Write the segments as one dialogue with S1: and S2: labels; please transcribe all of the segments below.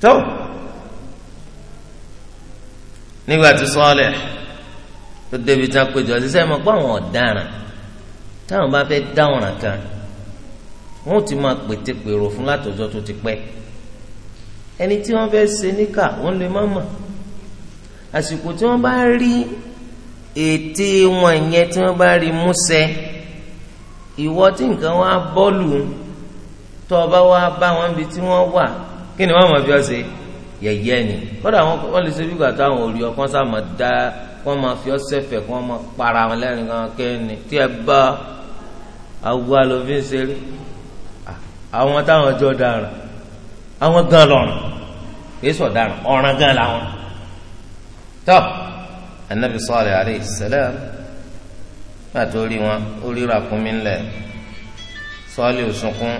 S1: tó nígbà tí sọ́ọ̀lẹ̀ tó débi tá a péjọ ṣiṣẹ́ mọ̀ pé àwọn ọ̀daràn táwọn bá fẹ́ dá ọ̀ràn kan wọ́n ti máa pètè pèrò fún látọjọ́ tó ti pẹ́ ẹni tí wọ́n fẹ́ ṣe níkà wọ́n lè má mọ̀ àsìkò tí wọ́n bá rí ète wọn yẹn tí wọ́n bá rí músẹ́ ìwọ tí nǹkan wá bọ́ọ̀lù tó o bá wá bá wọn bí tí wọ́n wà kí ni wọ́n mọ̀ fi ọ́ ṣe yẹ̀yẹ́ ni kódà wọ́n lè ṣe bí gbàtà àwọn òrì ọkàn sàmọ̀ dá wọ́n máa fi ọ́ sẹ́fẹ̀ kí wọ́n máa para wọn lẹ́rìn kan kẹ́ni tí ẹ bá awúgbó alófin ṣeré àwọn táwọn jọ dáràn àwọn gan lọ́rùn yéésù ọ̀daràn ọ̀ràn gan làwọn tọ́ anabi sọ́ọ̀lẹ̀ alayhi salam pàtó rí wọn ó ríra kún mi ńlẹ̀ òṣùnkún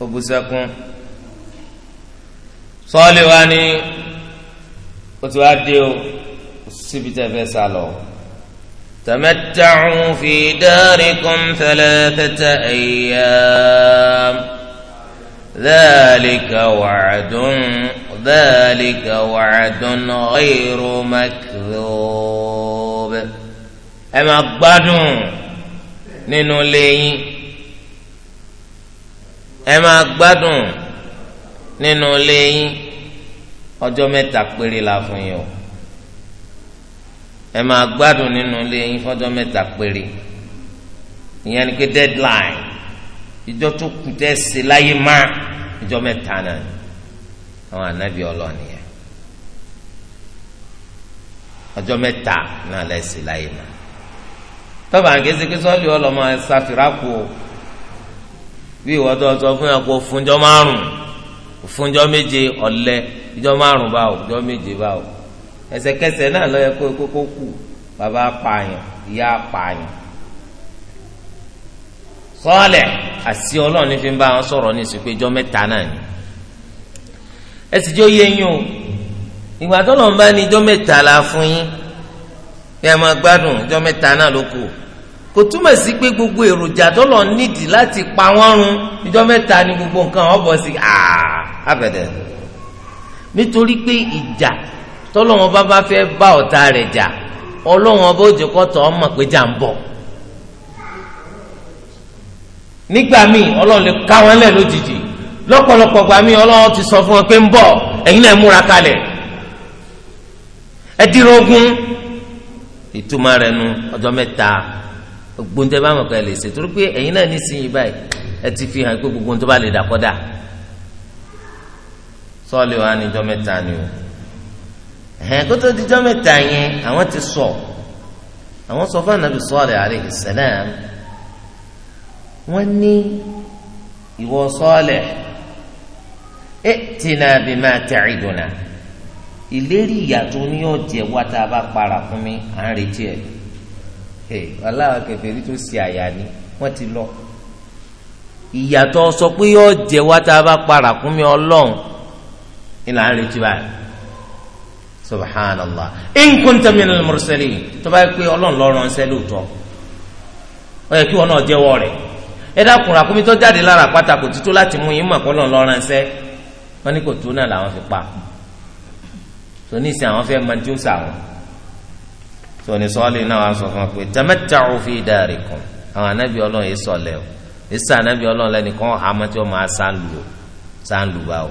S1: ó bú sẹ́kún sọ́ọ́lì wa ni ó ti wá dé o síbi tẹ́ fẹ́ sá lọ. تمتعوا في داركم ثلاثة أيام ذلك وعد ذلك وعد غير مكذوب ẹ máa gbádùn nínú ilé ẹ máa gbádùn nínú ilé yín ọjọ́ mẹ́ta péré la fún yín o ẹ máa gbádùn nínú ilé yín fọ́jọ́ mẹ́ta péré ìyẹn ni pé deadline ìjọ tó kù tẹ́ ṣe láyé má ìjọ mẹ́ta náà ni àwọn ọlọ́ọ̀ni yẹn ọjọ́ mẹ́ta náà lẹ́ láyé má tọ́ba àgẹ́sẹ̀ pé fúnjọ méje ọ̀lẹ ìjọ márùn báwo ìjọ méje báwo ẹsẹ̀kẹsẹ̀ náà lọ yẹ kó kókó kù bàbá apààyàn ìyá apààyàn sọọlẹ àti Ọlọ́run nífi bá wọn sọ̀rọ̀ ní ìsìnkú ìjọ mẹ́ta náà ni ẹ sì jẹ́ òye yín o ìgbà tó lọ́n bá ní ìjọ mẹ́ta la fún yín bí ẹ máa gbádùn ìjọ mẹ́ta náà ló kù kò túmọ̀ sí pé gbogbo èròjà tó lọ́n nídìí láti pa wọ́n run ìjọ mẹ́ta ni gbogbo nǹkan ọ̀bọ̀ sí àá abẹ́dẹ̀ nítorí pé ìjà tọ́lọ́wọ́n bá bá fẹ́ bá ọ̀tá rẹ̀ jà ọlọ́wọ́n bó jẹ́ kọ́tọ̀ ọmọ pé jà ń bọ̀ nígbà míì ọlọ́run lè ká wọn lẹ̀ lójijì lọ́pọ̀lọpọ̀ gbà míì ọlọ́run ti sọ fún wọn pé ń bọ̀ ẹ̀yin náà múra kalẹ̀ ẹ dìrò ìtumọ̀ rẹ̀ nu ọjọ́ mẹ́ta gbóńtẹ́ bá mọ̀ ká lè ṣe torí pé ẹ̀yin náà ní sìn yìí báyìí ẹ ti fi hàn pé gbogbo ohun tó bá lè dà sọ́ọ̀lì wa níjọ́ mẹ́ta ni o ẹ̀hẹ́n kó tó dijọ́ mẹ́ta yẹn àwọn ti sọ àwọn sọ fún anabi sọ́ọ̀lì alayhi salam wọ́n ní ìwọ sọ́ọ̀lì ẹ̀tìnà bímá ta'iduna ìlérí ìyàtọ̀ ni yóò jẹ wá tá a bá para fún mi à ń retí ẹ̀ ẹ̀ aláwọ̀ kẹfẹ́rí tó ṣe àyà ni wọ́n ti lọ ìyàtọ̀ sọ pé yóò jẹ wá tá a bá para fún mi ọlọ́run ìlà ń retí báyìí subhanallah in kunta minal mursalin tó bá yẹ pé ọlọ́run lọ́rọ̀ ń sẹ́lẹ̀ òótọ́ ó yẹ kí wọn náà jẹ́wọ́ rẹ̀ ẹ dákun ràkúnmí tó jáde lára àpáta kò títú láti mú yín mọ̀ pé ọlọ́run lọ́rọ̀ ń sẹ́ wọn ní kò tó náà làwọn fi pa tòní ìsìn àwọn fẹ́ máa jó sàwọn tòní sọ́ọ́lì náà wàá sọ fún wa pé tamatta'u fi darikum àwọn anábì ọlọ́run yìí sọ̀lẹ̀ o ìsìn anábì ọlọ́run lẹ́nìkan àmọ́ tí wọ́n máa sá ń lù sá ń lù báwo.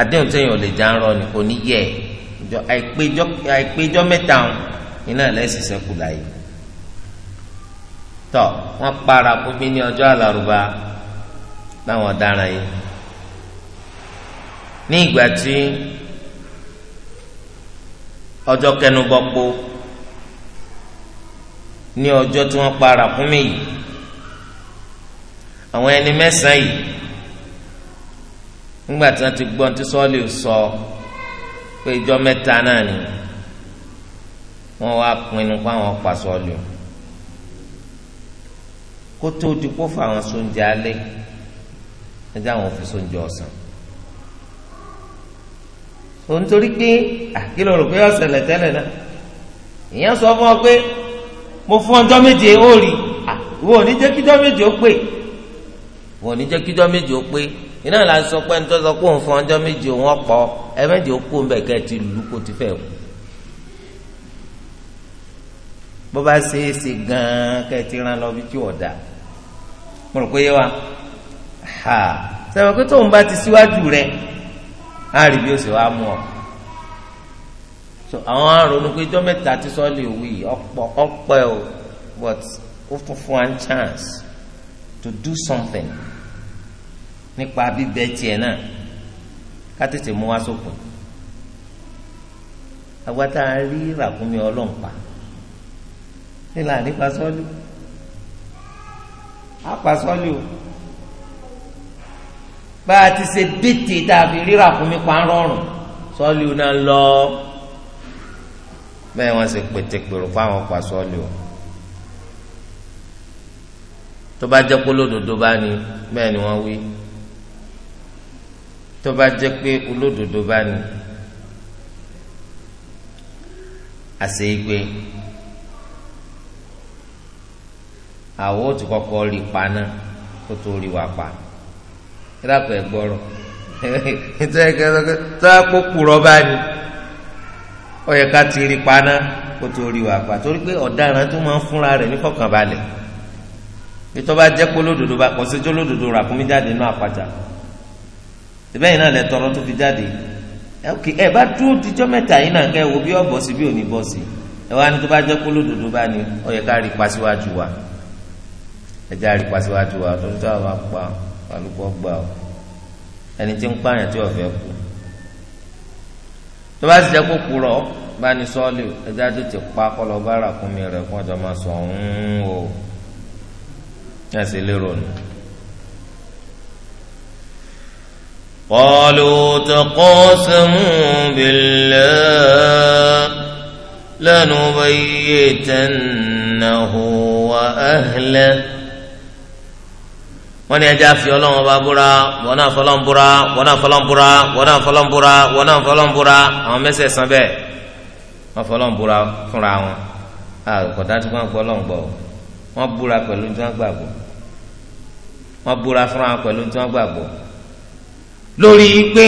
S1: àdéhùn téèyàn ò lè já ń rọ ni kò ní yẹ àìpéjọ mẹ́ta iná ẹlẹ́sìn sẹ́kù láyé tọ wọ́n para pínpín ní ọjọ́ àlàrúbá láwọn ọ̀daràn yìí ní ìgbà tí ọjọ́ kẹnubọpo ní ọjọ́ tí wọ́n para fún mi yìí àwọn ẹni mẹ́sàn-án yìí nígbà tí wọ́n ti gbọ́ tí sọ́ọ́lì sọ pé ìjọ mẹ́ta náà ni wọ́n wá pinnu pé àwọn pa sọ́ọ́lì kó tó dupò fáwọn sóúnjẹ alẹ́ ẹjẹ́ àwọn òfin sóúnjẹ ọ̀sán òun torí pé àkìlọ̀ rò pé ọ̀sẹ̀lẹ̀ tẹ́lẹ̀ náà ìyẹn sọ fún ọ pé mo fún ọjọ́ méje ó rí ìwọ ò ní jẹ́ kíjọ́ méje ó pé ìwọ ò ní jẹ́ kíjọ́ méje ó pé iná là sọ pé ẹni tó sọ pé òun ọjọ́ méje òun ọ̀pọ̀ ẹ méje ó kó mbẹ kẹ́ ẹ ti lù kó ti fẹ́ kú bó bá ṣe é ṣe gan-an kẹ́ ti rán lọ bí tí ọ̀dà mo rò pé yé wa ha sẹ́wọ̀n pé tóun bá ti síwájú rẹ̀ á rí bí ó ṣe wá mú ọ so àwọn àrònú pé ijọ́ mẹ́ta ti sọ lè wí ọ̀pọ̀ ọ̀pọ̀ ẹ̀ o but ó tún fún wa chance to do something nípa bíbẹ tiẹ̀ náà ká tètè mú wá sópin agbátá rí ràkúnmí ọlọ́ǹpa nílà nípa sọ́ọ́lù àpà sọ́ọ́lù o bá a ti ṣe bìtì tàbí rí ràkúnmí pa ń rọrùn sọ́ọ́lù náà lọ bẹ́ẹ̀ wọ́n ṣe pètèpèrò fáwọn pa sọ́ọ́lù o tó bá jẹ́ kó lódodo bá ní bẹ́ẹ̀ ni wọ́n wí tó bá jẹ́ pé olódodo bá ní àṣẹ ìgbé àwọn ò ti kọ́kọ́ rí paná kó tó rí wa pa ìdàpọ̀ ẹ̀gbọ́rọ̀ tó bá kó kúrọ̀ bá ní ó yẹ ká ti rí paná kó tó rí wa pa torí pé ọ̀daràn tó máa ń fúnra rẹ̀ ní fọkànbalẹ̀ bí bá jẹ́ pé olódodo bá kọ́ sí tó olódodo rà fún mi jáde náà àpàtà. No síbẹ̀ yìí náà lẹ tọrọ tó fi jáde ẹ bá dúró dijọ́ mẹ́ta yìí náà kẹ́ wo bí ọ̀bọ̀ sí bí òní bọ̀ sí ẹ wá ní tó bá jẹ́ kó lódodo bá ní ó yẹ ká rí pa síwájú wa ẹ já rí pa síwájú wa tó ń tọ́ àwọn apá alùpùpù gbà ó ẹni tí ń pààyàn tí ọ̀fẹ́ kú tó bá sì jẹ́ kó kúrọ̀ bá ní sọ́ọ́lì ẹ já tètè pa kọ́lọ́ bá rà kún mi rẹ̀ fún ọjọ́ máa sọ ọ̀hún o ẹ̀ sì lérò nù. قالوا تقاسموا بالله لنبيتنه وأهله wọ́n ní ẹja fi ọlọ́run bá búra wọ́n náà fọlọ́n búra wọ́n náà fọlọ́n búra wọ́n náà fọlọ́n búra wọ́n náà fọlọ́n búra àwọn mẹ́sẹ̀ san bẹ́ẹ̀ wọ́n fọlọ́n búra fúnra wọn àkọ́dá tí wọ́n gbọ́ lọ́n gbọ́ wọ́n búra pẹ̀lú tí wọ́n gbàgbọ́ wọ́n búra fúnra pẹ̀lú tí wọ́n gbàgbọ́ lórí pé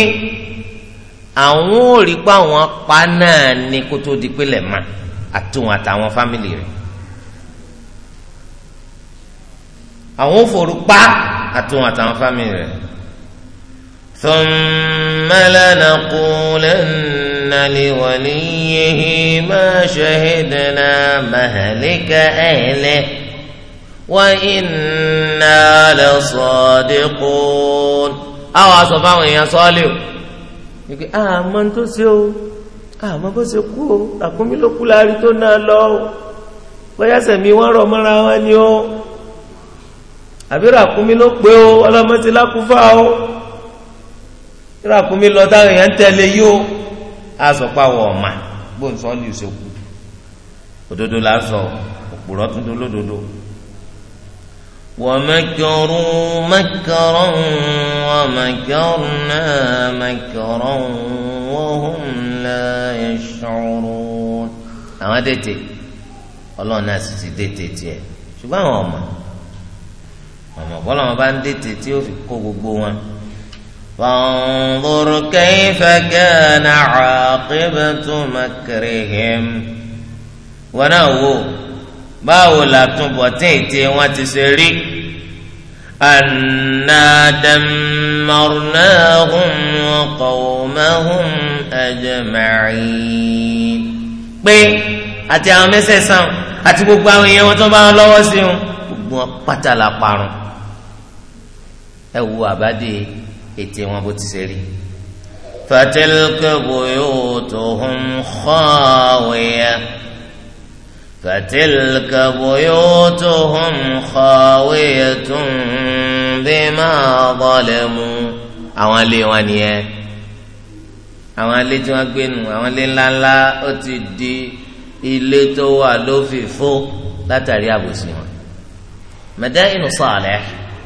S1: àwọn ò rí pé àwọn pa náà ni kó tó di pé lẹ́ẹ̀ma àtúwọn àtàwọn fámìlì rẹ̀ àwọn ò forú pa àtúwọn àtàwọn fámìlì rẹ̀ thumma lanaqulanna liwaliyyihi ma shahidna mahlika ahlihi wa inna lasadiqun àwọn aṣọ fáwọn èèyàn sọ́ọ́lì o wípé àmọ́ tó ṣe o àmọ́ bó ṣe kú o àkúnmí ló kú láàrin tó náà lọ o bóyá sẹ̀mí wọ́n rọ̀ mọ́ra wọn ni o àbí ràkúnmí ló pé o ọlọ́mọ ti lákúfà o ràkúnmí lọ táwọn èèyàn ń tẹ̀lé yìí o àṣọpá wọ̀ ọ̀ma gbóhùn sọ́ọ́lì ṣe kú òdodo là sọ òpùrọ̀ tuntun lódodo. ومكروا مكرا ومكرنا مكرا وهم لا يشعرون أما ديتي الله ناس ديتي تي شو بقى ماما ماما بلا ما بان ديتي تي وفي قوة قوة فانظر كيف كان عاقبة مكرهم ونوو báwo la tún bọ̀ tí ètè wọn ti ṣe rí anadamarnahum qawmahum ajma'in pé àti àwọn mẹsẹsàn àti gbogbo àwọn èèyàn wọn tó bá wọn lọ́wọ́ sí wọn gbogbo wọn pátá la parun ẹ wo àbádé ètè wọn bó ti ṣe rí fatilka buyutuhum khawiya. فتلك بيوتهم خاوية بما ظلموا àwọn ilé wọn nìyẹn àwọn ilé tí wọn gbé nù àwọn ilé ńláńlá ó ti di ilé tó wà lófìfo látàrí àbòsí wọn mẹdẹ́yìn sọ̀lẹ́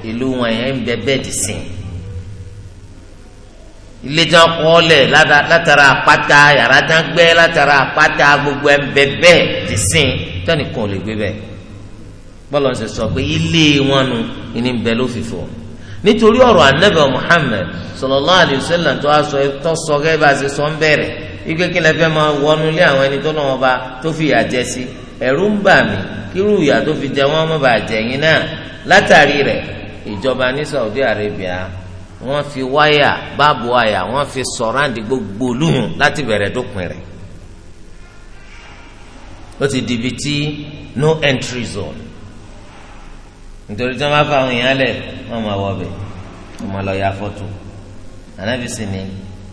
S1: ìlú wọn yẹn ń bẹ bẹ́ẹ̀ dì sí iléjà kọ́lẹ̀ látara àpáta yàrá tán gbẹ́ látara àpáta gbogbo ẹ̀ńbẹ́ bẹ́ẹ̀ ti sìn tẹ́nìkan ò lè gbé ṣe sọ pé ilé wọn nu ìní bẹ́ẹ̀ ló fi fọ́ nítorí ọ̀rọ̀ anabi tó a sọ tó sọ bá a ṣe sọ ń bẹ̀rẹ̀ ike kí lè máa wọnú lé àwọn wọ́n fi wáyà báàbò wáyà wọ́n fi sọ̀ráǹdì gbogbo lùhùn láti bẹ̀rẹ̀ dópin rẹ̀ ó ti di ibi tí no entry zone nítorí tí wọ́n bá fa àwọn èèyàn lẹ̀ wọ́n máa wọ̀ bẹ̀ wọ́n máa lọ ya fọ́tò ànábì sì ni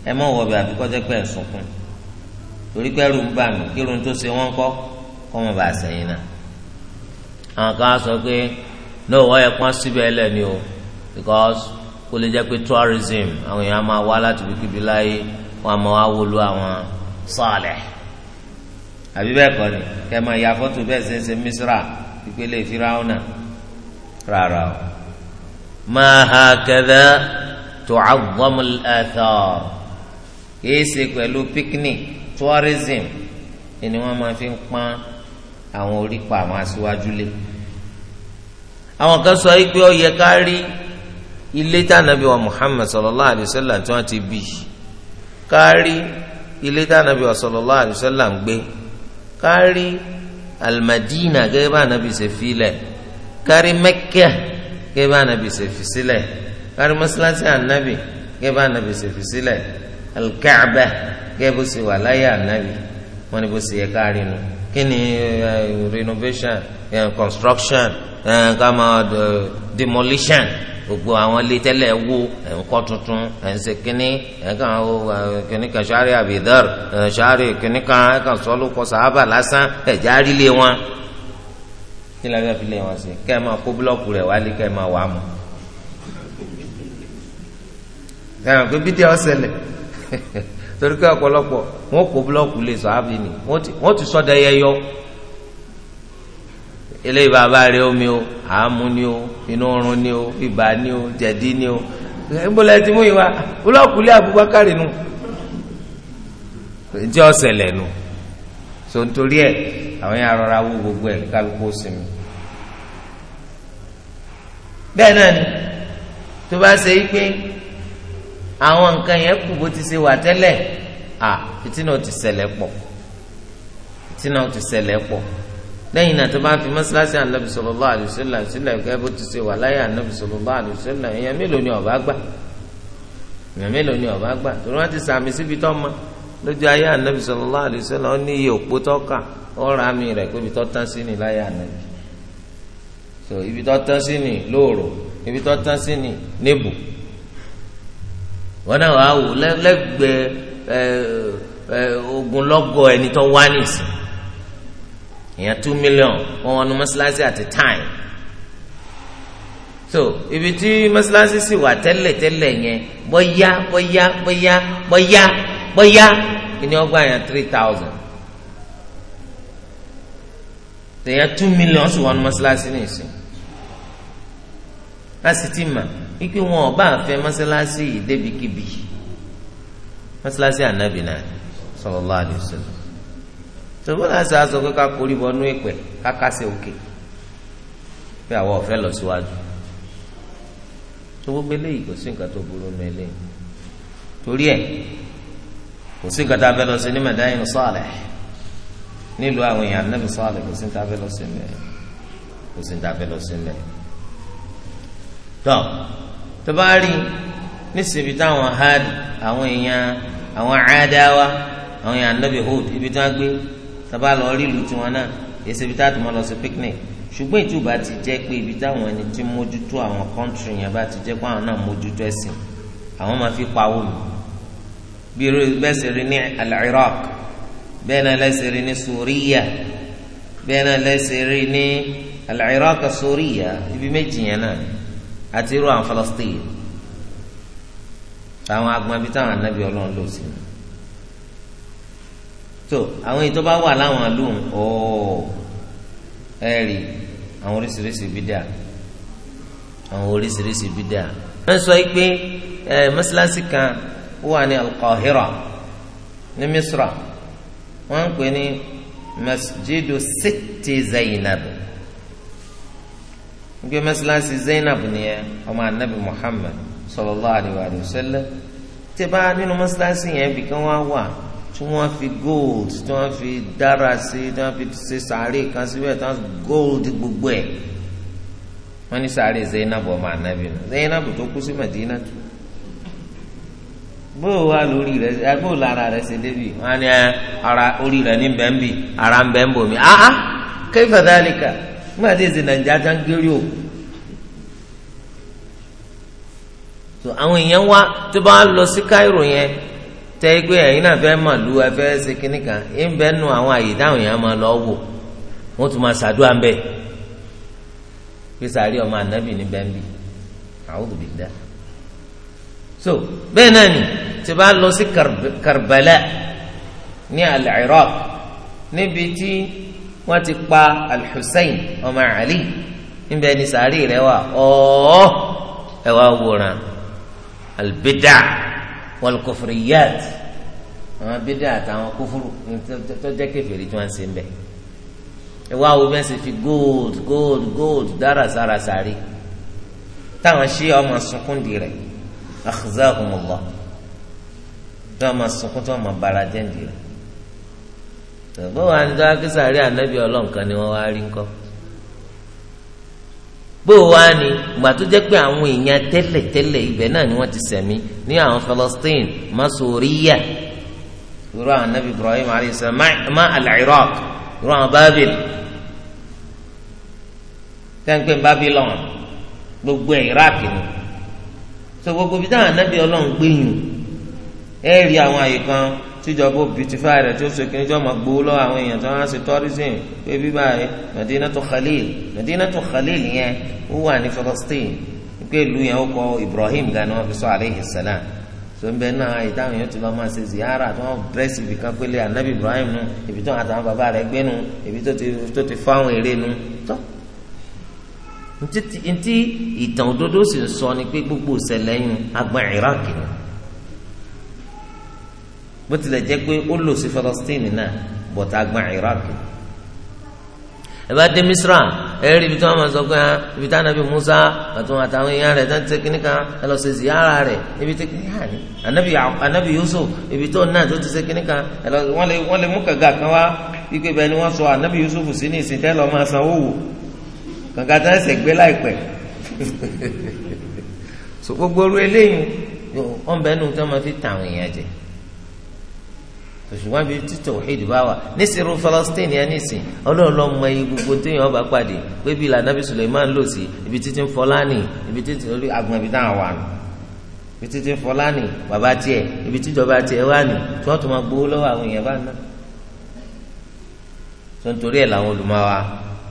S1: ẹ mọ̀ wọ̀ bẹ̀ àbí kọ́jọ́ pé ẹ̀ sunkún torí pé ẹrù ń bà mí kí irun tó ṣe wọ́n kọ́ kọ́ mọ̀ bá sẹ́yìn náà àwọn kan sọ pé náà wọ́n yẹ kán síbẹ̀ lẹ́ni o because kó lè jẹ́ pé tourism àwọn èèyàn máa wá láti ibikíbi láyé wọn a máa wá wọlú àwọn sọ́ọ̀lẹ̀ àbí bẹ́ẹ̀ kọ́ ni kẹ́ máa ya fọ́tò bẹ́ẹ̀ ṣe ń ṣe misra ìpele firawuna rárá o máa ha kẹ́dẹ́ tu'azzamu al-athar kìí ṣe pẹ̀lú picnic tourism ni wọ́n máa fi ń pọ́n àwọn orí pa àwọn aṣíwájú lé àwọn kan sọ yìí pé ó yẹ ká rí ilé tá nàbí wa Muhammad sallallahu alayhi wa sallam tí wọ́n ti bí kárí ilé tá nàbí wa sallallahu alayhi wa sallam gbé kárí alimadina gẹ́gẹ́ bá nàbí ṣe filẹ̀ kárí Mẹ́kà gẹ́gẹ́ bá nàbí ṣe fi kárí mọ́sálásí ànábì gẹ́gẹ́ bá nàbí ṣe fi alikaaba gẹ́gẹ́ bó ṣe wà láyé ànábì wọ́n bó ṣe yẹ kárí nu kí eh, renovation eh, construction eh, ká demolition gbogbo àwọn ilé tẹ́lẹ̀ wó ẹ̀ ń kọ́ tuntun ẹ̀ ń kínní ẹ̀ kàn ó kínní abidar ṣáárì kínní kan ẹ̀ kàn sọ́ ló kọ́ sàábà lásán ẹ̀ já rí lé wọn. kí la fẹ́ fi lé wọn sí kẹ́ ẹ máa kó búlọ́ọ̀kù rẹ̀ wálé kẹ́ ẹ máa wà á mọ̀. ẹ pé bídíà ọ̀sẹ̀lẹ̀ torí pé ọ̀pọ̀lọpọ̀ wọn kó búlọ́ọ̀kù lè sọ eléyìí bàbá rẹ omi o àámu ni o inú oorun ni o ibà ni o jẹ̀dí ni o ìbúlẹ̀ ti mú ìwà olóòkúlé Abubakar nù ìjẹ́ ọ̀sẹ̀ lẹ́nu so nítorí ẹ̀ àwọn yẹn arọra wú gbogbo ẹ̀ kálukú sinmi. bẹ́ẹ̀ náà ni tó bá ṣe pé àwọn nǹkan yẹn kù bó ti ṣe wà tẹ́lẹ̀ à fìtínà ti ṣẹlẹ̀ pọ̀ fìtínà ti ṣẹlẹ̀ pọ̀ lẹ́yìn náà tó bá ń fi mọ́sálásí ànábì sallallahu alaihi wasallam sílẹ̀ gẹ́gẹ́ bó ti ṣe wà láyé ànábì sallallahu alaihi wasallam èèyàn mélòó ni ọ̀bá gbà èèyàn mélòó ni ọ̀bá gbà torí wọ́n sàmì síbi tó mọ lójú ayé ànábì sallallahu alaihi wasallam ó ní iye òpó tó kà ọ̀rọ̀ àmì rẹ̀ pé ibi tó tán sí ni láyé ànábì so ibi tó tán sí ni lóòrò ibi tó tán sí ni níbù wọn náà wàá wò lẹ́gbẹ̀ẹ́ ogunlọ́gọ̀ ẹni tó wá nìsín èèyàn two million wọn wọnú mọ́ṣáláṣí at a time so ibi tí mọ́ṣáláṣí sì wà tẹ́lẹ̀ tẹ́lẹ̀ yẹn bọ́yá bọ́yá bọ́yá bọ́yá bọ́yá ìní ọgbà yẹn three thousand èèyàn two million sì wọnú mọ́ṣáláṣí nìsín láti ti mà wípé wọn ò bá fẹ́ mọ́ṣáláṣí yìí débi kíbi mọ́ṣáláṣí ànábì náà sallallahu alaihi wasallam tòun náà sá sọ pé ká kórì bọnú ìpẹ ká kásẹ̀ òkè pé àwọn ọ̀fẹ́ lọ síwájú tó gbogbo eléyìí kò sí nǹkan tó burú nu eléyìí torí ẹ̀ kò sí nǹkan tá a fẹ́ lọ sí ní mẹdáyìn sọ́ọ̀lẹ̀ nílùú àwọn èèyàn anábì sọ́ọ̀lẹ̀ kò sí nǹkan tá a fẹ́ lọ sí mẹ́ kò sí nǹkan tá a fẹ́ lọ sí mẹ́ tọ́ tó bá rí nísìbi táwọn háàdì àwọn èèyàn àwọn àádáwa àwọn èèyàn anábì Hud ibi tí wọ́n gbé tábà lọ rí ìlú tiwọn náà èsì ibi tá a ti mọ lọ sí picnic ṣùgbọ́n ìtúbà ti jẹ́ pé ibi táwọn ẹni tí mójútó àwọn kọ́ńtìrì yẹn bá ti jẹ́ pé àwọn náà mójútó ẹ̀sìn àwọn máa fi pawó lù bí irú bẹ́ẹ̀ sì rí ní al-Iraq bẹ́ẹ̀ náà lẹ́sẹ̀ rí ní Suriya bẹ́ẹ̀ náà lẹ́sẹ̀ rí ní al-Iraq Suriya ibi méjì yẹn náà àti irú àwọn Falastin àwọn agbọ̀n ibi táwọn anábì ọlọ́run lò sí ni so àwọn èyí tó bá wà láwọn àlùm ooo ẹ rí àwọn oríṣiríṣi bídà àwọn oríṣiríṣi bídà. wọ́n sọ pé ẹ mọ́sálásí kan ó wà ní Al-Qahira ní Misra wọ́n ń pè ní masjidu sitti Zainab gbé mọ́sálásí Zainab nìyẹn ọmọ anabi Muhammad sallallahu alayhi wa sallam bá nínú mọ́sálásí yẹn bìkan wá wà tí wọ́n fi gold tí wọ́n fi dára sí tí wọ́n fi ṣe sàárè kan síbẹ̀ tí wọ́n gold gbogbo ẹ̀ wọ́n ní sàárè Zainab ọmọ anabi nù Zainab tó kú sí Madina tó bó o wá lórí rẹ agbó lára rẹ ṣe débi wọn ni ara orí rẹ ní bẹ́ńbì ara ń bẹ́ńbò mi ah ah kayfa dhalika nígbà tí èsì nàìjíríà já ń gérí o. so àwọn èèyàn wá tó bá lọ sí Cairo yẹn tẹ ẹgbẹ́ ẹ̀yin náà fẹ́ mọ̀ lu ẹ fẹ́ ṣe kínní kan ń bẹ nu àwọn àyè táwọn èèyàn máa lọ wò wọ́n tún máa ṣàdúrà ń bẹ̀ fisari ọmọ anabi ní bẹ́ńbì a'udhu billah so bẹ́ẹ̀ náà ni tí bá lọ sí Karbala ní al-Iraq níbi tí wọ́n ti pa al ọmọ Ali níbẹ̀ ni sàárì rẹ̀ wà ọ̀ọ́ ẹ̀ wá wòran al والكفريات، kufriyat àwọn bídà àtàwọn kófúrú tó jẹ́ kèfèrí tí wọ́n ń ṣe ń bẹ̀. ìwà wo bẹ́ẹ̀ sì fi gold gold gold dára sára sáré táwọn ṣí ọmọ sunkún di rẹ̀ akhzahumullah tí wọ́n máa sunkún tí wọ́n máa bara jẹ́ di rẹ̀. bó wàá ní dáhà kí sàárẹ̀ ànábì ọlọ́nkan ni wọ́n wá rí ńkọ́. bó o wá ni ìgbà tó jẹ́ pé àwọn èèyàn tẹ́lẹ̀tẹ́lẹ̀ ibẹ̀ náà ni wọ́n ti sẹ̀mí ní àwọn Palestine masoriya irú àwọn nabi al-Iraq irú àwọn Babil tẹ́ǹpẹ́ Babylon gbogbo ẹ̀ Iraq ni so gbogbo bí táwọn anabi Ọlọ́run gbẹ̀yìn ẹ̀ rí àwọn àyè tíjọba beautify rẹ tí ó ṣe kí níjọ máa gbowó lọ àwọn èèyàn tó wọn ṣe tourism pé bíbá yìí Madinatu Khalil Madinatu Khalil yẹn ó wà ní Palestine pé ìlú yẹn ó kọ Ibrahim gan ni wọn fi sọ aleyhi salam tó ń bẹ náà ìdáhùn yóò ti lọ máa ṣe ziyara tó wọn dírẹ́sì ibi kan pélé anabi Ibrahim nu ibi tó àtàwọn bàbá rẹ gbé nu ibi tó ti fáwọn eré nu tó ntí ìtàn òdodo sì ń sọ ni pé gbogbo ìṣẹ̀lẹ̀ yìí agbọn Iraq ni bó tilẹ̀ jẹ́ pé ó lò sí Palestine náà bọ̀tà gbọ́n Iraq ẹ bá dé Misra ẹ rí ibi tí wọn máa sọ pé ah, ibi tí anabi Musa àtúwọn àtàwọn èèyàn rẹ tó ń tẹ kíní kan ẹ lọ sí ziyara rẹ ibi tí kíní hàn anabi anabi Yusuf ibi tó náà tó ti ṣe kíní kan ẹ lọ wọn lè wọn lè mú kàga kan wá wípé bẹ́ẹ̀ ni wọn sọ anabi Yusuf sí ní ìsìn tẹ lọ máa san owó kàga tẹ ẹsẹ gbé láìpẹ́ so gbogbo oru eléyìí wọn bẹ nù tí wọn máa fi tàwọn èèyàn jẹ ṣùgbọ́n ibi tí tawhid bá wà nísìrú Palestine yẹn nísìn ọlọ́run lọ́ọ́ mọ iye gbogbo téèyàn ọba pàdé pé bí ìlànà bí Suleiman lò sí ibi títí ń fọlánì ibi títí orí agbọ̀n ibi táwọn wà nù ibi títí ń fọlánì bàbá tiẹ̀ ibi tíjọba tiẹ̀ wà nù tí wọ́n tún máa gbowó lọ́wọ́ àwọn èèyàn bá ná. tó ń torí ẹ̀ làwọn olùmọ̀wá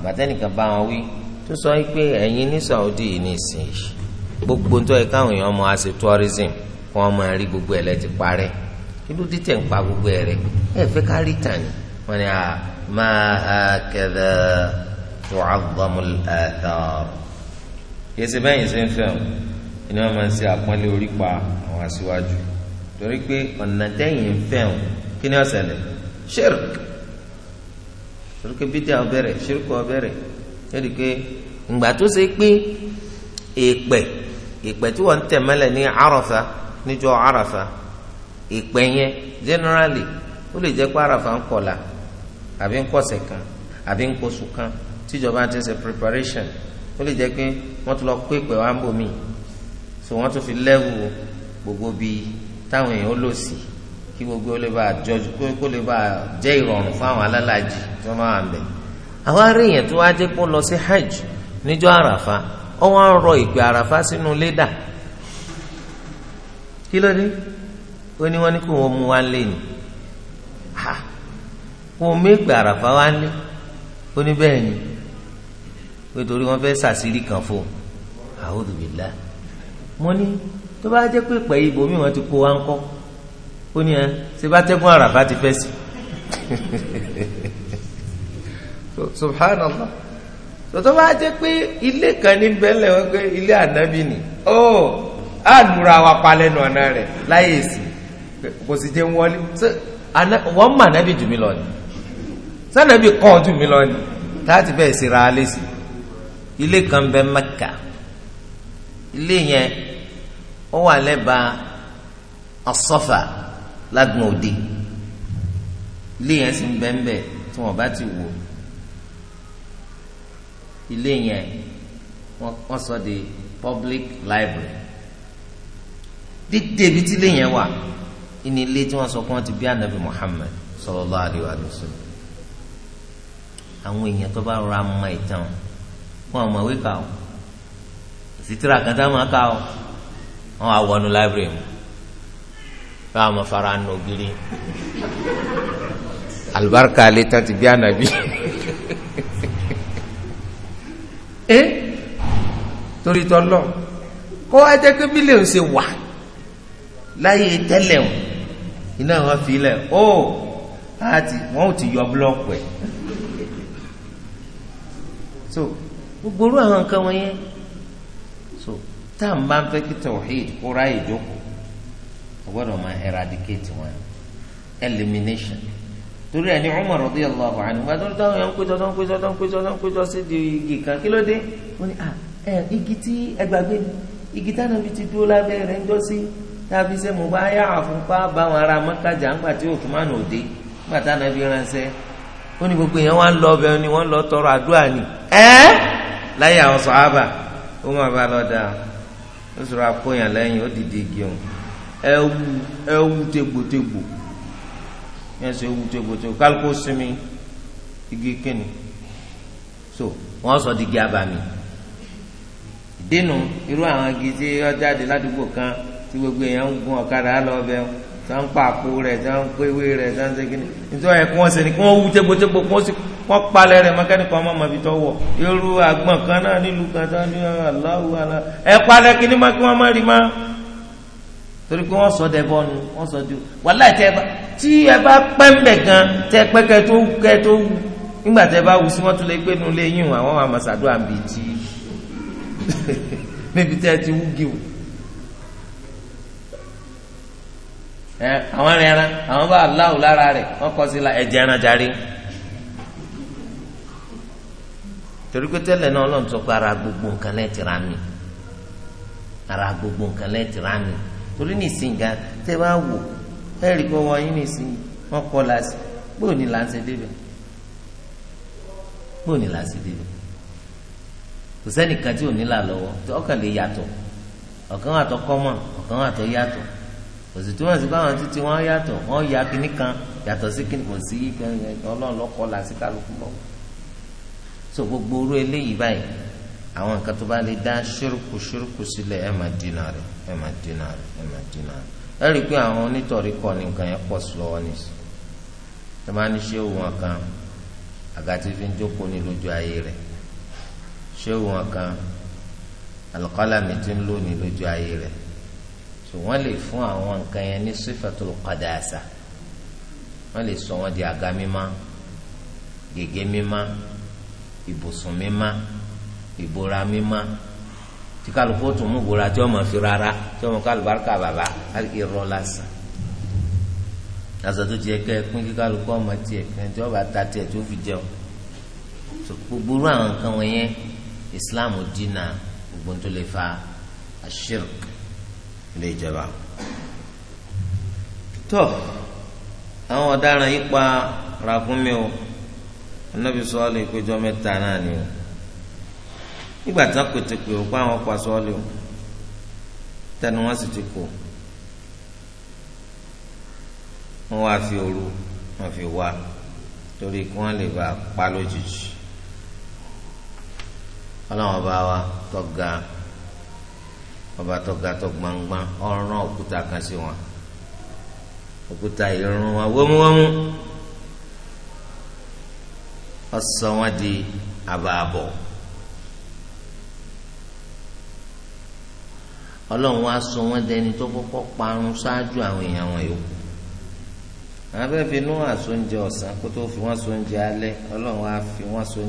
S1: màtẹ́nìkan bá wọn wí tó sọ pé ẹ̀yin ní ìlú títẹ̀ ń pa gbogbo ẹ̀ rẹ̀ ẹ̀ fẹ́ ká rí tàn ní wọn ni máa kẹ̀dẹ̀ tó àgbọ̀mù ẹ̀tọ́ yẹsẹ bẹ́yìn ṣe ń fẹ́ o ni wọ́n máa ń ṣe àpọ́nlé orí pa àwọn aṣíwájú torí pé ọ̀nà tẹ́yìn ń fẹ́ o kí ni ó ṣẹlẹ̀ torí pé bídíà ọbẹ̀rẹ̀ shirk ọbẹ̀rẹ̀ lórí pé ìgbà tó ṣe pé èèpẹ̀ èèpẹ̀ tí wọ́n ń tẹ̀ mọ́lẹ̀ ní àràfà níjọ́ àràfà ìpè yẹn generally ó lè jẹ́ pé àràfà ń kọ̀la àbí ń kọ̀sẹ̀ kan àbí ń kóṣù kan tíjọba ti ń ṣe preparation ó lè jẹ́ pé wọ́n tún lọ kó ìpè wá ń bò mí so wọ́n tún fi lẹ́wù gbogbo bíi táwọn èèyàn ó lò sí kí gbogbo ó lè bá jọjú kó lè bá jẹ́ ìrọ̀rùn fún àwọn alálàájì tí wọ́n máa wà ń bẹ̀. àwọn aríyàn tó wá jẹ́ pé lọ sí hajj níjọ́ àràfà ó wá rọ ìpè àràfà sínú lẹ́dà kí ló dé ó ní wọn ní kó wọn mú wa lé ni ha kó wọn mégbè àràfà wa lé ó ní bẹ́ẹ̀ ni pé torí wọn fẹ́ sàṣírí kan fún un a'udhu billah mo tó bá jẹ́ pé pẹ̀yì ibòmí wọn ti kó wa ń kọ́ ó ní ẹ ṣe bá tẹ́gùn àràfà ti fẹ́ sí subhanallah tòtò bá jẹ́ pé ilé kan ní bẹ́lẹ̀ wọn pé ilé ànábì ni ó oh, àdúrà wa palẹ̀ nù ọ̀nà rẹ̀ láyé sí kò sì jẹ́ ń wọlé wọ́n mà nábì jù mí lọ ni sanabi kọ́ jù mí lọ ni láti bẹ́ẹ̀ sì ra alẹ́ sí ilé kan bẹ Mẹ́kà ilé yẹn ó wà lẹ́bàá asọ́fà lágbọ̀n òde ilé yẹn sì ń bẹ́ẹ̀ bẹ́ẹ̀ tí wọ́n bá ti wò ilé yẹn wọ́n sọ di public library dídébi tí ilé yẹn wà ní ilé tí wọ́n sọ pé wọ́n ti bí anabi Muhammad sallallahu alaihi wasallam àwọn èèyàn tó bá rọra mọ ìtàn wọn àwọn ọmọwé kà ó sitira kan tá máa kà ó wọn á wọnú láìbírì mu báwọn ọmọ fara nù ògiri alibarika alẹ tán ti bí anabi ẹ eh? torí tọlọ kó ẹ jẹ pé bílẹ̀ ń ṣe wà láyé tẹ́lẹ̀ o. iná wọn fi lẹ̀ ó àti wọn ò ti yọ búlọ́ọ̀kù ẹ̀ so gbogbo orú àwọn nǹkan so tá à ń bá ń fẹ́ kí tawhid kó jókòó gbọ́dọ̀ elimination torí ẹni Umar radiyallahu anhu gbàdúrà táwọn yẹn ń péjọ tó ń péjọ tó ń péjọ tó ń péjọ sí di igi kan kí ló dé wọn ni ah ẹ igi tí ẹgbàgbé tàbí ṣe mo bá yà àfúnpá báwọn ará mọ́kàjà ńgbà tí Usman òde ńgbà tá nàbí ránṣẹ́ ó ní gbogbo yẹn wọ́n lọ ọbẹ̀ ni wọ́n lọ tọrọ àdúrà ni ẹ́ láyé àwọn sọ̀hábà ó má ba lọ dáa ó sọ̀rọ̀ àkóyàn lẹ́yìn ó dìde igi ọ̀hún ẹ wú ẹ wú tégbòtégbò yẹn ṣe wú tégbòtégbò kálukó sinmi igi kínni so wọ́n sọ digi abàmì ìdínú irú àwọn igi tí ó jáde ládùúgbò kan tí gbogbo èèyàn ń gun ọ̀kadà á lọ bẹ́ẹ̀ tí wọ́n ń pa àpò rẹ̀ tí wọ́n ń pé wé rẹ̀ tí wọ́n ń segin ní nítorí ẹ̀kún ọ̀sẹ̀ ni kí wọ́n wú tégbòtégbò kí wọ́n sì wọ́n palẹ̀ rẹ̀ mọ́kẹ́nìkan ọmọ màbí tó wọ̀ irú àgbọ̀n kan náà nílùú kan tó ní aláwọ̀ alá ẹ̀ palẹ̀ kí ni má kí wọ́n má rí má torí pé wọ́n sọ dẹ́bọ́ nu wọ́n sọ dùn wàláì tẹ́ ẹ bá tí ẹ bá pẹ́ ń bẹ̀ gan tẹ́ pẹ́ kẹ́ tó kẹ́ tó wù nígbà tẹ́ bá wù sí wọ́n tún lè gbé nu lé yín àwọn àmàṣàdó àbí tí níbi tẹ́ ti wú gíwù. àwọn ẹran àwọn bá aláwò lára rẹ wọn kọ sí la ẹjẹ ẹran darí torí pé náà ara gbogbo nǹkan lẹ́ẹ̀ ti ra ara gbogbo nǹkan ti ra mi torí tẹ́ bá wò ẹ rí i wọn wọn kọ láti bóò ní là ń ṣe là ń ṣe kò sẹ́nìkan tí là lọ́wọ́ ọkàn lè yàtọ̀ ọ̀kan wà tó kò sì túmọ̀ sí báwọn títí wọn yàtọ̀ wọn ya kínní kan yàtọ̀ sí kínní kò sí ọlọ́run lọ́kọ́ la sí kálukú lọ. so gbogbo orú eléyìí báyìí àwọn nǹkan tó bá lè dá ṣírùkù ṣírùkù sílẹ̀ ẹ̀ máa dínà rẹ̀ ẹ̀ máa dínà rẹ̀ ẹ̀ máa dínà rẹ̀ ẹ̀ rí i pé àwọn onítọ̀rí kọ́ ni nǹkan yẹn pọ̀ sí lọ́wọ́ nìyí tó bá ní ṣé òun kan àgàtí fi ń jókòó ní lójú ayé rẹ̀ ṣé òun kan àlùkálàmì ti ń lò ní lójú ayé rẹ̀ so wọ́n lè fún àwọn nǹkan yẹn ní sifatul qadasa wọ́n lè sọ wọ́n di àga mímá gègé mímá ibùsùn mímá ìbora mímá tí kálukú tún mú ìbora tí wọ́n mọ̀ fi rárá tí wọ́n mọ̀ kálukú bàbá irọ́ lásán lásà tó tiẹ̀ kẹ́ pín kí kálukú ọmọ tiẹ̀ kẹ́ tí wọ́n bá ta tiẹ̀ tó fi jẹun gbogbo àwọn nǹkan wọ̀nyẹn Islam dínà gbogbo tó lè fa ashirk ilé ìjọba tó àwọn ọ̀daràn yìí pa ràkúnmí o anábì sọ́ọ́lì péjọ mẹ́ta náà ni o nígbà tí wọ́n pètè pé òkú àwọn pa sọ́ọ́lì o tẹnu wọn sì ti kù wọn wá fi òru wọn fi wá torí kí wọn lè bá a pa lójijì ọlọ́wọ́n bá wa tọ́ ga. ọba gbangba ga tó wọn òkúta ìrún wọn wọmúwọmú ọsọ wọn di àbààbọ̀ ọlọ́run wá wọn wọ́n dẹni tó parun ṣáájú àwọn èèyàn wọn yòókù àwọn bẹ́ẹ̀ fi Nóà ọ̀sán kó fi wọ́n alẹ́ ọlọ́run fi wọ́n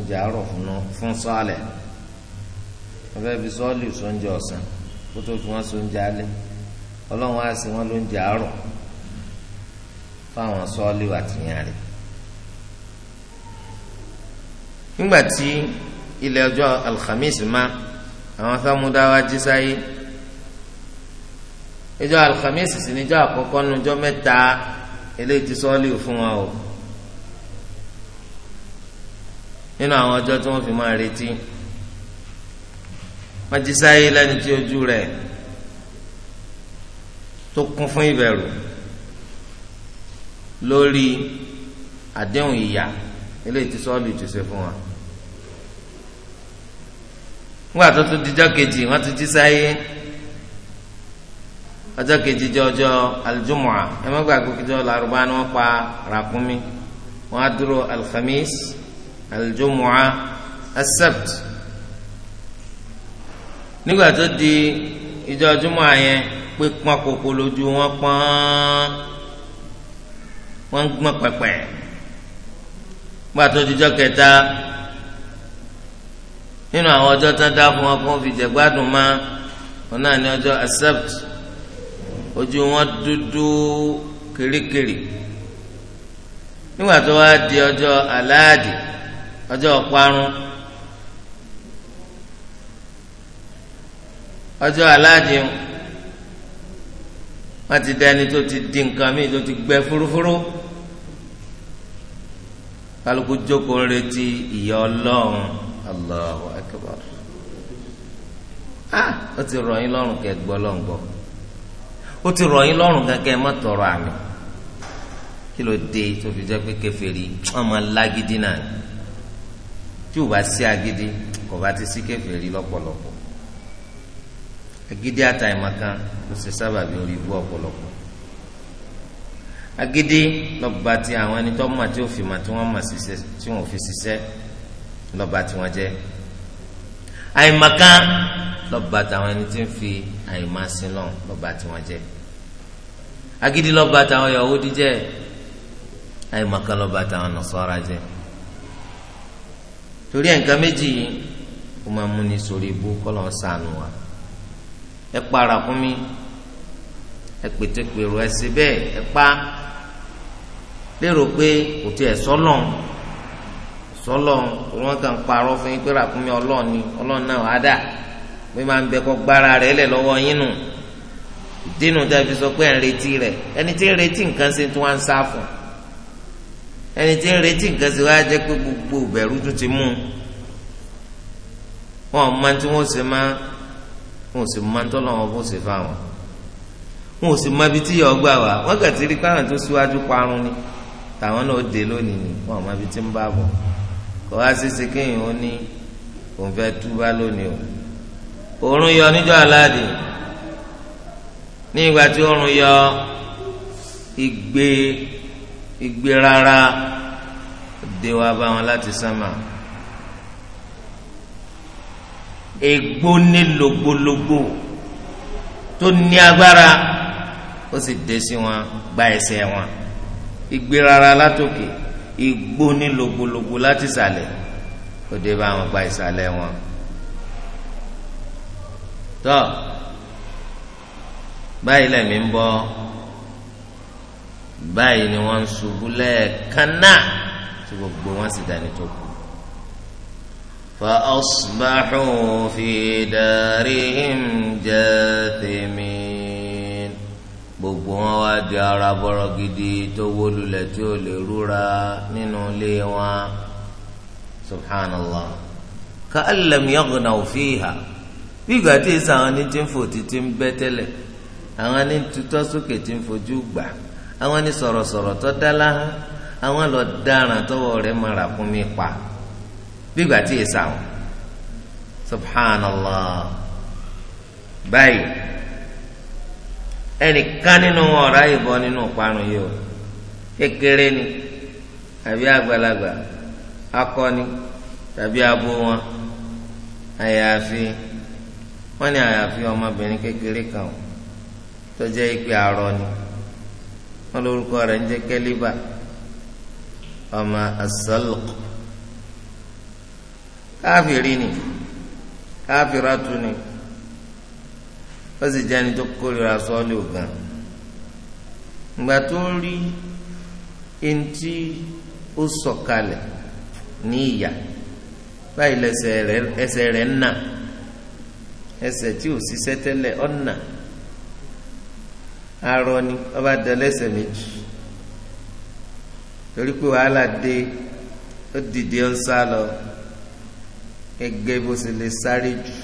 S1: àárọ̀ kó tó fi wọn so oúnjẹ alẹ́ ọlọ́run á sì wọn lóúnjẹ àárọ̀ fáwọn sọ́ọ́lì àtìyàn rẹ̀ nígbà tí ilẹ̀ ọjọ́ alhamis ma àwọn sámúdáwá jí sáyé ìjọ alhamis sì níjọ àkọ́kọ́ níjọ mẹ́ta eléyìí ti sọ́ọ́lì fún wa o nínú àwọn ọjọ́ tí wọ́n fi máa retí má ti sáyé lẹ́ni tí ojú rẹ̀ tó kún fún ìbẹ̀rù lórí àdéhùn ìyá eléyìí tí sọ́ọ́lù ti ṣe fún wa nígbà tó tún dijọ́ kejì wọ́n ti jí sáyé ọjọ́ kejì jẹ́ ọjọ́ aljumua ẹ má gbàgbé kíjọ́ làrúbá wọ́n pa ràkúnmí wọ́n á dúró alhamis aljumua accept nígbà tó di ìjọ júmọ̀ yẹn pé pọ́n koko lójú wọn pọ́n wọ́n ń gbọ́n pẹ̀pẹ̀ nígbà tó dijọ́ kẹta nínú àwọn ọjọ́ tán dá fún wọn kó fi jẹ gbádùn mọ́ wọn náà ní ọjọ́ accept ojú wọn dúdú kirikiri nígbà tó wá di ọjọ́ aláàdì ọjọ́ ọ̀parun. ọjọ́ aláàjì wọn ti dẹni tó ti di nǹkan míì tó ti gbẹ fúrúfúrú kálukú jókòó retí ìyà Ọlọ́run Allahu akbar ah ó ti rọ̀ yín lọ́rùn kẹ́ gbọ́ lọ́n gbọ́ ó ti rọ̀ yín lọ́rùn kẹ́kẹ́ mọ́ tọrọ àmì kí ló dé tó fi jẹ́ pé kèfèrí ọmọ lágídí náà tí ò bá sí agídí kò bá ti sí kèfèrí lọ́pọ̀lọpọ̀ agídí àtàìmọ̀ kan ló ṣe sábàbí orí ibú ọ̀pọ̀lọpọ̀ agídí lọ́ba ti àwọn ẹni tó mọ̀ tí ò fi mọ̀ tí wọ́n mọ̀ ṣiṣẹ́ tí wọ́n fi ṣiṣẹ́ lọ́ba tí wọ́n jẹ́ àìmọ̀ kan lọ́ba tàwọn ẹni tí ń fi àìmọ̀ sí lọ́n lọ́ba tí wọ́n jẹ́ agídí lọ́ba tàwọn Yahudi jẹ́ àìmọ̀ kan lọ́ba tàwọn Nasara jẹ́ torí ẹ̀ǹkan méjì yìí ó máa múni sórí ibú kọ́ lọ́n sànù wa ẹ pa ràkúnmí ẹ pètèpèrò ẹ sí bẹ́ẹ̀ ẹ pa lérò pé kò tí ẹ sọ́lọ̀ sọ́lọ̀ wọn kàn parọ́ fún yín pé ràkúnmí ọlọ́ọ̀ni ọlọ́ọ̀ni náà wàá dà pé máa ń bẹ kọ́ gbára rẹ̀ lẹ̀ lọ́wọ́ yín nù dínú dàbí sọ pé ẹ̀ ń retí rẹ̀ ẹni tí ń retí nǹkan ṣe tí wọ́n ń sá fún ẹni tí ń retí nǹkan ṣe wáá jẹ́ pé gbogbo ìbẹ̀rù tún ti mú wọn mọ tí wọ́n ṣe máa wọn ò sì mọ ní tọ́lọ́wọ́n bó ṣe fáwọn wọn ò sì mọ ibi tí yọ gbà wá wọn kàn rí káwọn tó síwájú parun ni tàwọn náà dé lónìí ni wọn ò mọ ibi tí ń bá bọ̀ kò wá sí sí kéèyàn ó ní òun fẹ́ túbá lónìí o òórùn yọ níjọ́ aláàdì ní ìgbà tí òórùn yọ igbe igbe rárá dé wá bá wọn láti sánmà egbó ní logbologbo tó ní agbára ó sì dé sí wọn gba ẹsẹ̀ wọn ìgbérara látòkè egbó ní logbologbo láti sàlẹ̀ ó dé bá wọn gba ìsàlẹ̀ wọn tọ báyìí lẹ́mìí ń bọ́ báyìí ni wọ́n ń ṣubú lẹ́ẹ̀kan náà tí gbogbo wọn sì dání tó kù. فأصبحوا في دارهم جاثمين gbogbo wọn wá di bọrọ gidi tó tí ó lè rúra nínú ilé wọn subhanallah ka alam yagna na bí ìgbà tí èsì àwọn ní ti ń fò títí ń ti àwọn ní mara bí ìgbà tí èsà wọn subhanallah báyìí ẹnìkan nínú ọ̀rá ìbọn nínú ìparun yìí o kékeré ni àbí àgbàlagbà akọni tàbí abo wọn àyàfi wọn ni àyàfi ọmọbìnrin kékeré kan tó jẹ́ ìpè àrọ ni wọn lórúkọ rẹ̀ ń jẹ́ kẹ́líbà ọmọ asọ́lùkù káfìrí ni káfìrá tu ni ó sì jẹ́ ẹni tó kórìíra sọ́ọ́lì ògàn ìgbà tó ń rí ẹni tí ó sọ̀kalẹ̀ ní ìyà báyìí lẹsẹ̀ rẹ̀ ẹsẹ̀ rẹ̀ nà ẹsẹ̀ tí ò ṣiṣẹ́ tẹ́lẹ̀ ọ̀nà arọ ni ọba dẹ lẹsẹ̀ méjì torí pé wàhálà dé ó dìde ó ń sá lọ. gẹ́gẹ́ bó ṣe lè sáré jù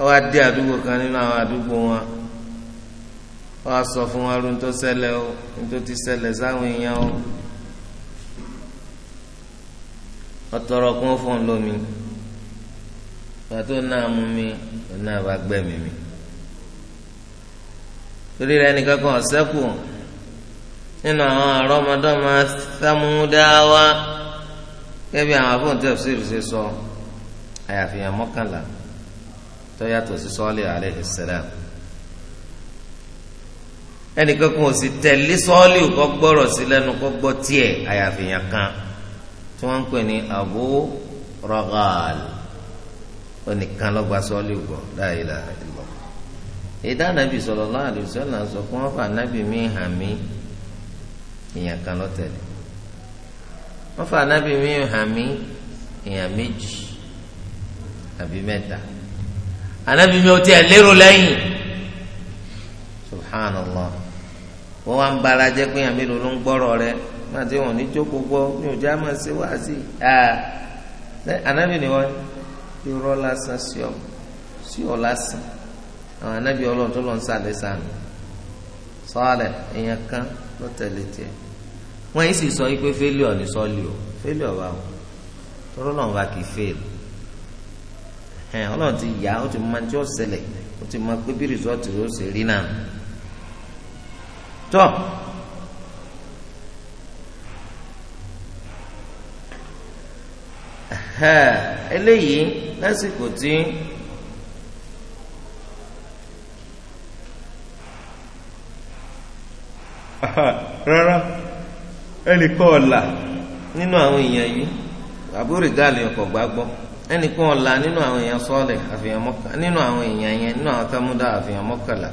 S1: Ọ wá dé àdúgbò kan nínú àwọn àdúgbò wọn Ọ wá sọ fún wọn lóhun tó o tó ti sáwọn èèyàn o ọtọrọ kún fún lómi tó náà mú mi òun náà bá gbẹ̀mí mi torí rẹ̀ nìkan kan ọ̀sẹ́kù nínú àwọn àrọ́mọdọ́mọ sámúdáwá. gẹ́gẹ́ àwọn afọ́n tafsir ṣe sọ àyàfi hàn mọ́kànlá tó yàtọ̀ sí sọ́ọ́lì alayhi salam ẹnìkan kan ò sì tẹ̀lé sọ́ọ́lì kọ́ gbọ́rọ̀ sí lẹ́nu kọ́ gbọ́ tiẹ̀ àyàfi hàn kan tí wọ́n ń pè ní Abu Raghal onìkan lọ́gba sọ́ọ́lì gbọ́ la ilaha illallah ìdá nàbì sallallahu alayhi wasallam sọ fún wọn nàbì mí hàn mí ìyàn kan lọ́tẹ̀lé wọ́n fa anabi mi hàn mí èèyàn méjì àbí mẹ́ta anábì mi ò tiẹ̀ lérò lẹ́yìn subhanallah wọ́n wá ń bara jẹ́ pé èèyàn mélòó ló ń gbọ́rọ̀ rẹ máa ti wọ́n ní jókòó gbọ́ mi ò já máa ṣe ni irọ́ lásán sí ọ sí ọ lásán wọ́n yìí sì sọ yìí pé failure ni o failure bá wọn tọ́rọ náà bá kì í fail ẹ̀hìn ọlọ́run ti yá ó ti mọ tí ó ṣẹlẹ̀ ó ti mọ pé bí rìsọ́ọ̀tì ó ṣe rí náà eléyìí lásìkò tí ẹnìkan ọ̀la nínú àwọn èèyàn yìí àbúrò gáàlì ọkọ̀ gbàgbọ́ ẹnìkan ọ̀la nínú àwọn èèyàn sọ́ọ̀lẹ̀ àfihàn mọ́kànlá nínú àwọn èèyàn yẹn nínú àwọn támúdá àfihàn mọ́kànlá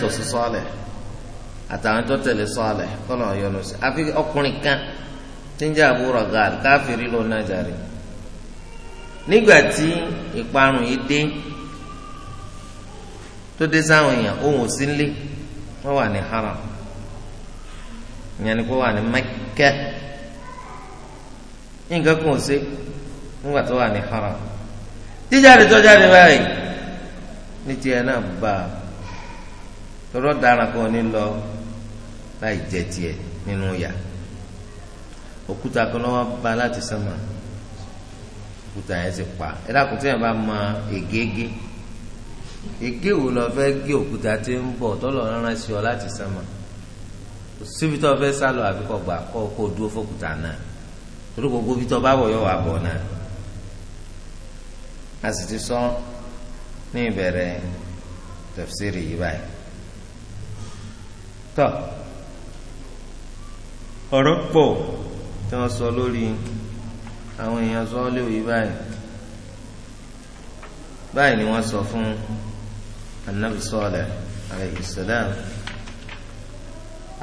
S1: tó sí sọ́ọ̀lẹ̀ àtàwọn tó tẹ̀lé sọ́ọ̀lẹ̀ kọ́nà ọ̀yọ́nu sí àfi ọkùnrin kan tí ń jẹ́ àbúrò gáàlì káfíìrì ló ná nígbà tí ìparun yìí dé tó dé sáwọn èèyàn òun ò sí wọ́n haram ìyẹn ni kó wà ní mẹkẹ nǹkan kò nígbà tó wà ní jíjáde tó jáde báyìí ní a tọrọ dara kọ́ ní lọ láì jẹ nínú yà òkúta kan náà bá láti sánmà òkúta yẹn ti pa ẹ tí yẹn bá lọ gé òkúta tí síbi tó fẹ́ sálọ àfikọ́ gbà kọ́ kó dúró fòkúta náà torí gbogbo bí tó bá wọ̀ yọ wà bọ̀ náà a sì ti sọ ní ìbẹ̀rẹ̀ tẹ̀fsíìrì yìí báyìí tọ́ ọ̀rọ̀ pọ̀ tí wọ́n sọ lórí àwọn èèyàn sọ léwu yìí báyìí báyìí ni wọ́n sọ fún anabi sọ́ọ̀lẹ̀ alayhi salam.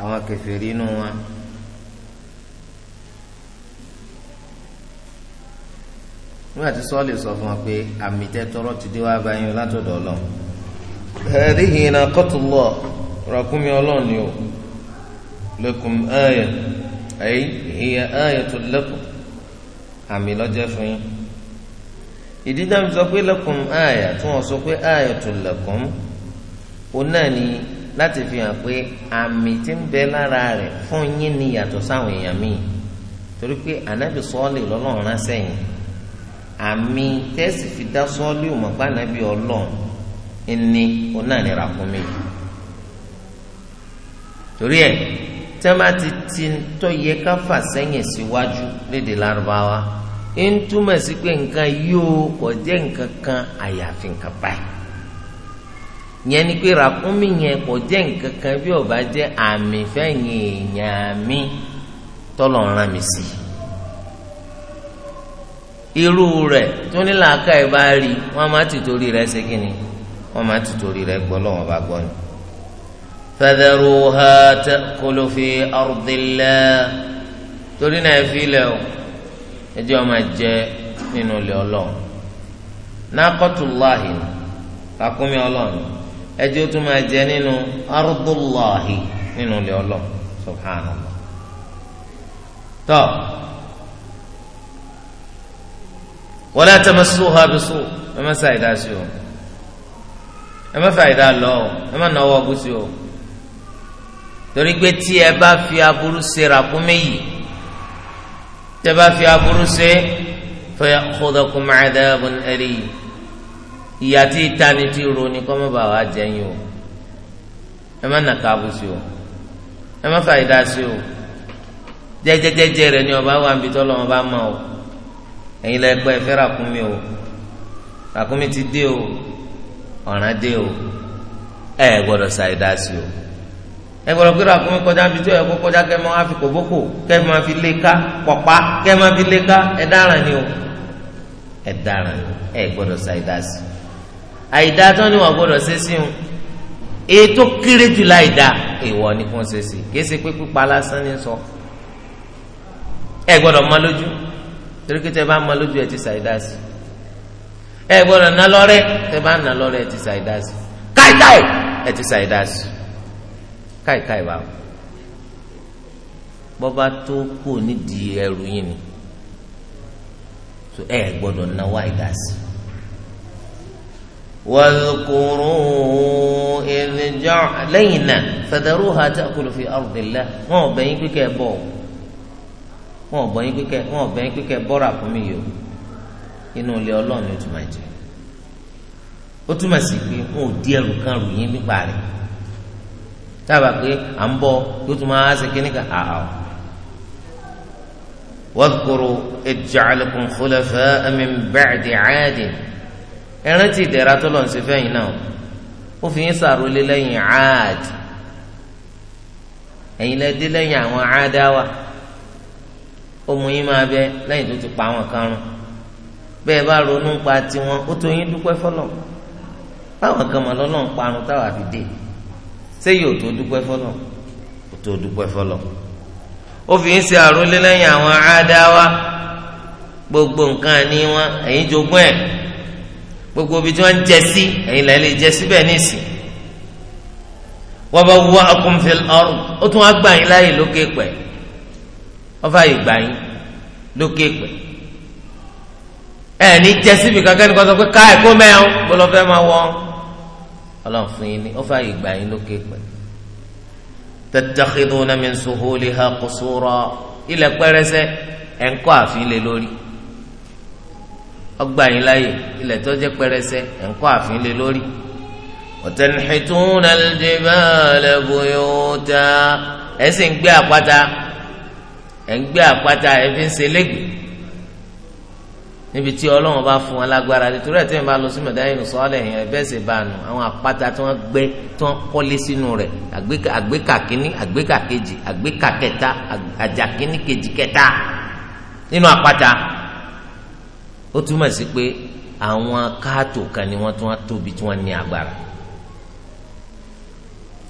S1: àwọn kèfèrí inú wọn. nígbà tí sọ́ọ̀lì sọ fún wọn pé àmì tẹ́ ti dé wá báyìí látọ̀dọ̀ ọlọ́run. ẹ̀ẹ́dìhìn iná kọ́tùlọ̀ rọ̀kúnmi ọlọ́run ni o lẹ́kùn ẹ̀yẹ ẹ̀yí ìyẹ ẹ̀yẹ tó lẹ́kùn àmì lọ́jẹ́ fún yín. ìdí dáhùn sọ pé lẹ́kùn ẹ̀yẹ tí wọ́n sọ pé ẹ̀yẹ tó lẹ́kùn O náà láti fi hàn pé àmì tí ń bẹ lára fún yín ni yàtọ̀ sáwọn èèyàn míì torí pé ànábì sọ́ọ̀lì lọ́lọ́run rán àmì tẹ́sí fi dá sọ́ọ̀lì òmùpá ànábì ẹni fún mi torí ẹ tẹ́ ti ti tọ́ yẹ ká fà sẹ́yìn síwájú léde ń túmọ̀ sí pé nǹkan yóò kọjá nǹkan kan àyàfi nǹkan yẹn ni pé ràkúnmí yẹn kò jẹ́ nǹkan kan bí ó bá jẹ́ àmì fẹ́yìn èèyàn mi tọ́lọ̀ ń rán mi sí irú rẹ̀ tó ní làákà ẹ̀ bá rí wọ́n máa ti torí rẹ̀ ṣe kí ni wọ́n máa ti torí rẹ̀ gbọ́ lọ́wọ́ bá gbọ́ ni. fadharuha ta'kulu fi ardillah torí náà ẹ fi lẹ̀ o ẹjẹ́ ọ jẹ nínú ilé ọlọ́run náà láàyè làkúnmí ọlọ́run ẹjọ́ tún máa jẹ nínú arúgbóláhi nínú ilé ọlọ́ subhanallah tọ́ wọlé àtẹmẹsọ ha bẹsọ ẹ má sáà ìdá sí o ẹ má fà ìdá lọ o ẹ má nà ọwọ́ ọgùsì o torí pé tí ẹ bá fi aburú ṣe ràkúnmí tẹ bá fi aburú ṣe fẹ kódà kó máa dá abọ́n ẹ̀rí yìí ìyá tí ìtani ti ro ni kọ́ mọ́ bá wa jẹ́yìn o ẹ má nà káàbù sí o ẹ má fà ìdá sí o jẹ́jẹ́jẹ́jẹ́ rẹ̀ ni ọba wa ń bi tọ́lọ́ bá mọ̀ o ẹ̀yin lẹ pẹ́ fẹ́ ràkúnmí o ràkúnmí ti dé o ọ̀ràn dé o ẹ gbọ́dọ̀ sa ìdá sí o ẹ gbọ́dọ̀ pé ràkúnmí kọjá ń bi tí o yẹ kó kọjá kẹ́ mọ́ àfikò bókò kẹ́ mọ́ fi lé ká pọ̀pá kẹ́ mọ́ fi lé ká ẹ dáràn ni o ẹ dáràn ẹ gbọ́dọ̀ sa sí o. àìdá tó ní wọn ṣe sí wọn ètò kéré jù láìdá èèwọ̀ ni kò ń ṣe sí ṣe pé sọ
S2: ẹ gbọdọ mọ lójú
S1: torí pé tẹ bá mọ lójú ẹ ti sí ẹ gbọ́dọ̀ ná lọ́rẹ́ tẹ bá ná ẹ ti sí ẹ ti sí tó kù nídìí ẹrù واذكروا إذ جعلينا فذروها تأكل في أرض الله wọn ọbẹ yín kíkẹ bọ wọn ọbẹ yín kíkẹ wọn ọbẹ yín kíkẹ bọra fún mi yìí o inú ilé Ọlọ́run ni ó tún ò di ẹrù kan rù nípa rẹ̀ dábàá pé à ń bọ yóò tún máa ṣe kíní kan àhà o. واذكروا إذ جعلكم خلفاء من بعد عاد ẹ rántí ìdẹ̀ra tó lọ́n ṣe fẹ́yìn náà ó fi yín sàrólé lẹ́yìn aad ẹ̀yin lẹ́ dé lẹ́yìn àwọn aádáwà ó máa bẹ lẹ́yìn tó ti pa àwọn kan rún bẹ́ẹ̀ bá ronú pa tiwọn ó tó yín dúpẹ́ fọlọ́ báwọn kan mọ̀ lọ́nà ń parun táwa fi dé ṣé yóò tó dúpẹ́ fọlọ́ fi lẹ́yìn àwọn gbogbo nǹkan wọn ẹ̀yin jogún gbogbo ibi tí wọ́n ń jẹ sí ẹ̀yin lẹ́yìn lè jẹ síbẹ̀ nísìn wọ́n bá wá ọkùnfẹ́l ọ̀rùn ó tún wá gbà yín láàyè lókè pẹ̀ wọ́n fààyè gbà yín lókè pẹ̀ ẹ̀ ní jẹ síbi kankan ní kó sọ pé ká ẹ̀kọ́ mẹ́rin kó lọ́ fẹ́ máa wọ́n ọlọ́run fún yín ní wọ́n fààyè gbà yín lókè pẹ̀ tattakhiduna min suhuliha qusura ilẹ̀ pẹ́rẹsẹ̀ ẹ̀ ń kọ́ àfin lé lórí ọgbà yín láàyè ilẹ̀ tó jẹ́ pẹrẹsẹ ẹ̀ńkọ́ àfin lé lórí. ọ̀tẹ̀nìtúnà jibala buyuta ẹ̀ sì ń gbé àpáta ẹ̀ ń gbé àpáta ẹ̀ fi ń ṣe lẹ́gbẹ̀ẹ́ níbi tí ọlọ́run bá fún wọn lágbára nítorí ẹ̀ tí wọ́n bá lọ sí mẹ̀dáyìn sọ́ọ́lẹ̀ yẹn bẹ́ẹ̀ sì bá nù àwọn àpáta tí wọ́n gbẹ́ tí wọ́n kọ́lé sínú rẹ̀ àgbékà kínní àgbékà ó túmọ̀ sí pé àwọn káàtó kan ni wọ́n tún wá tóbi tí wọ́n ní agbára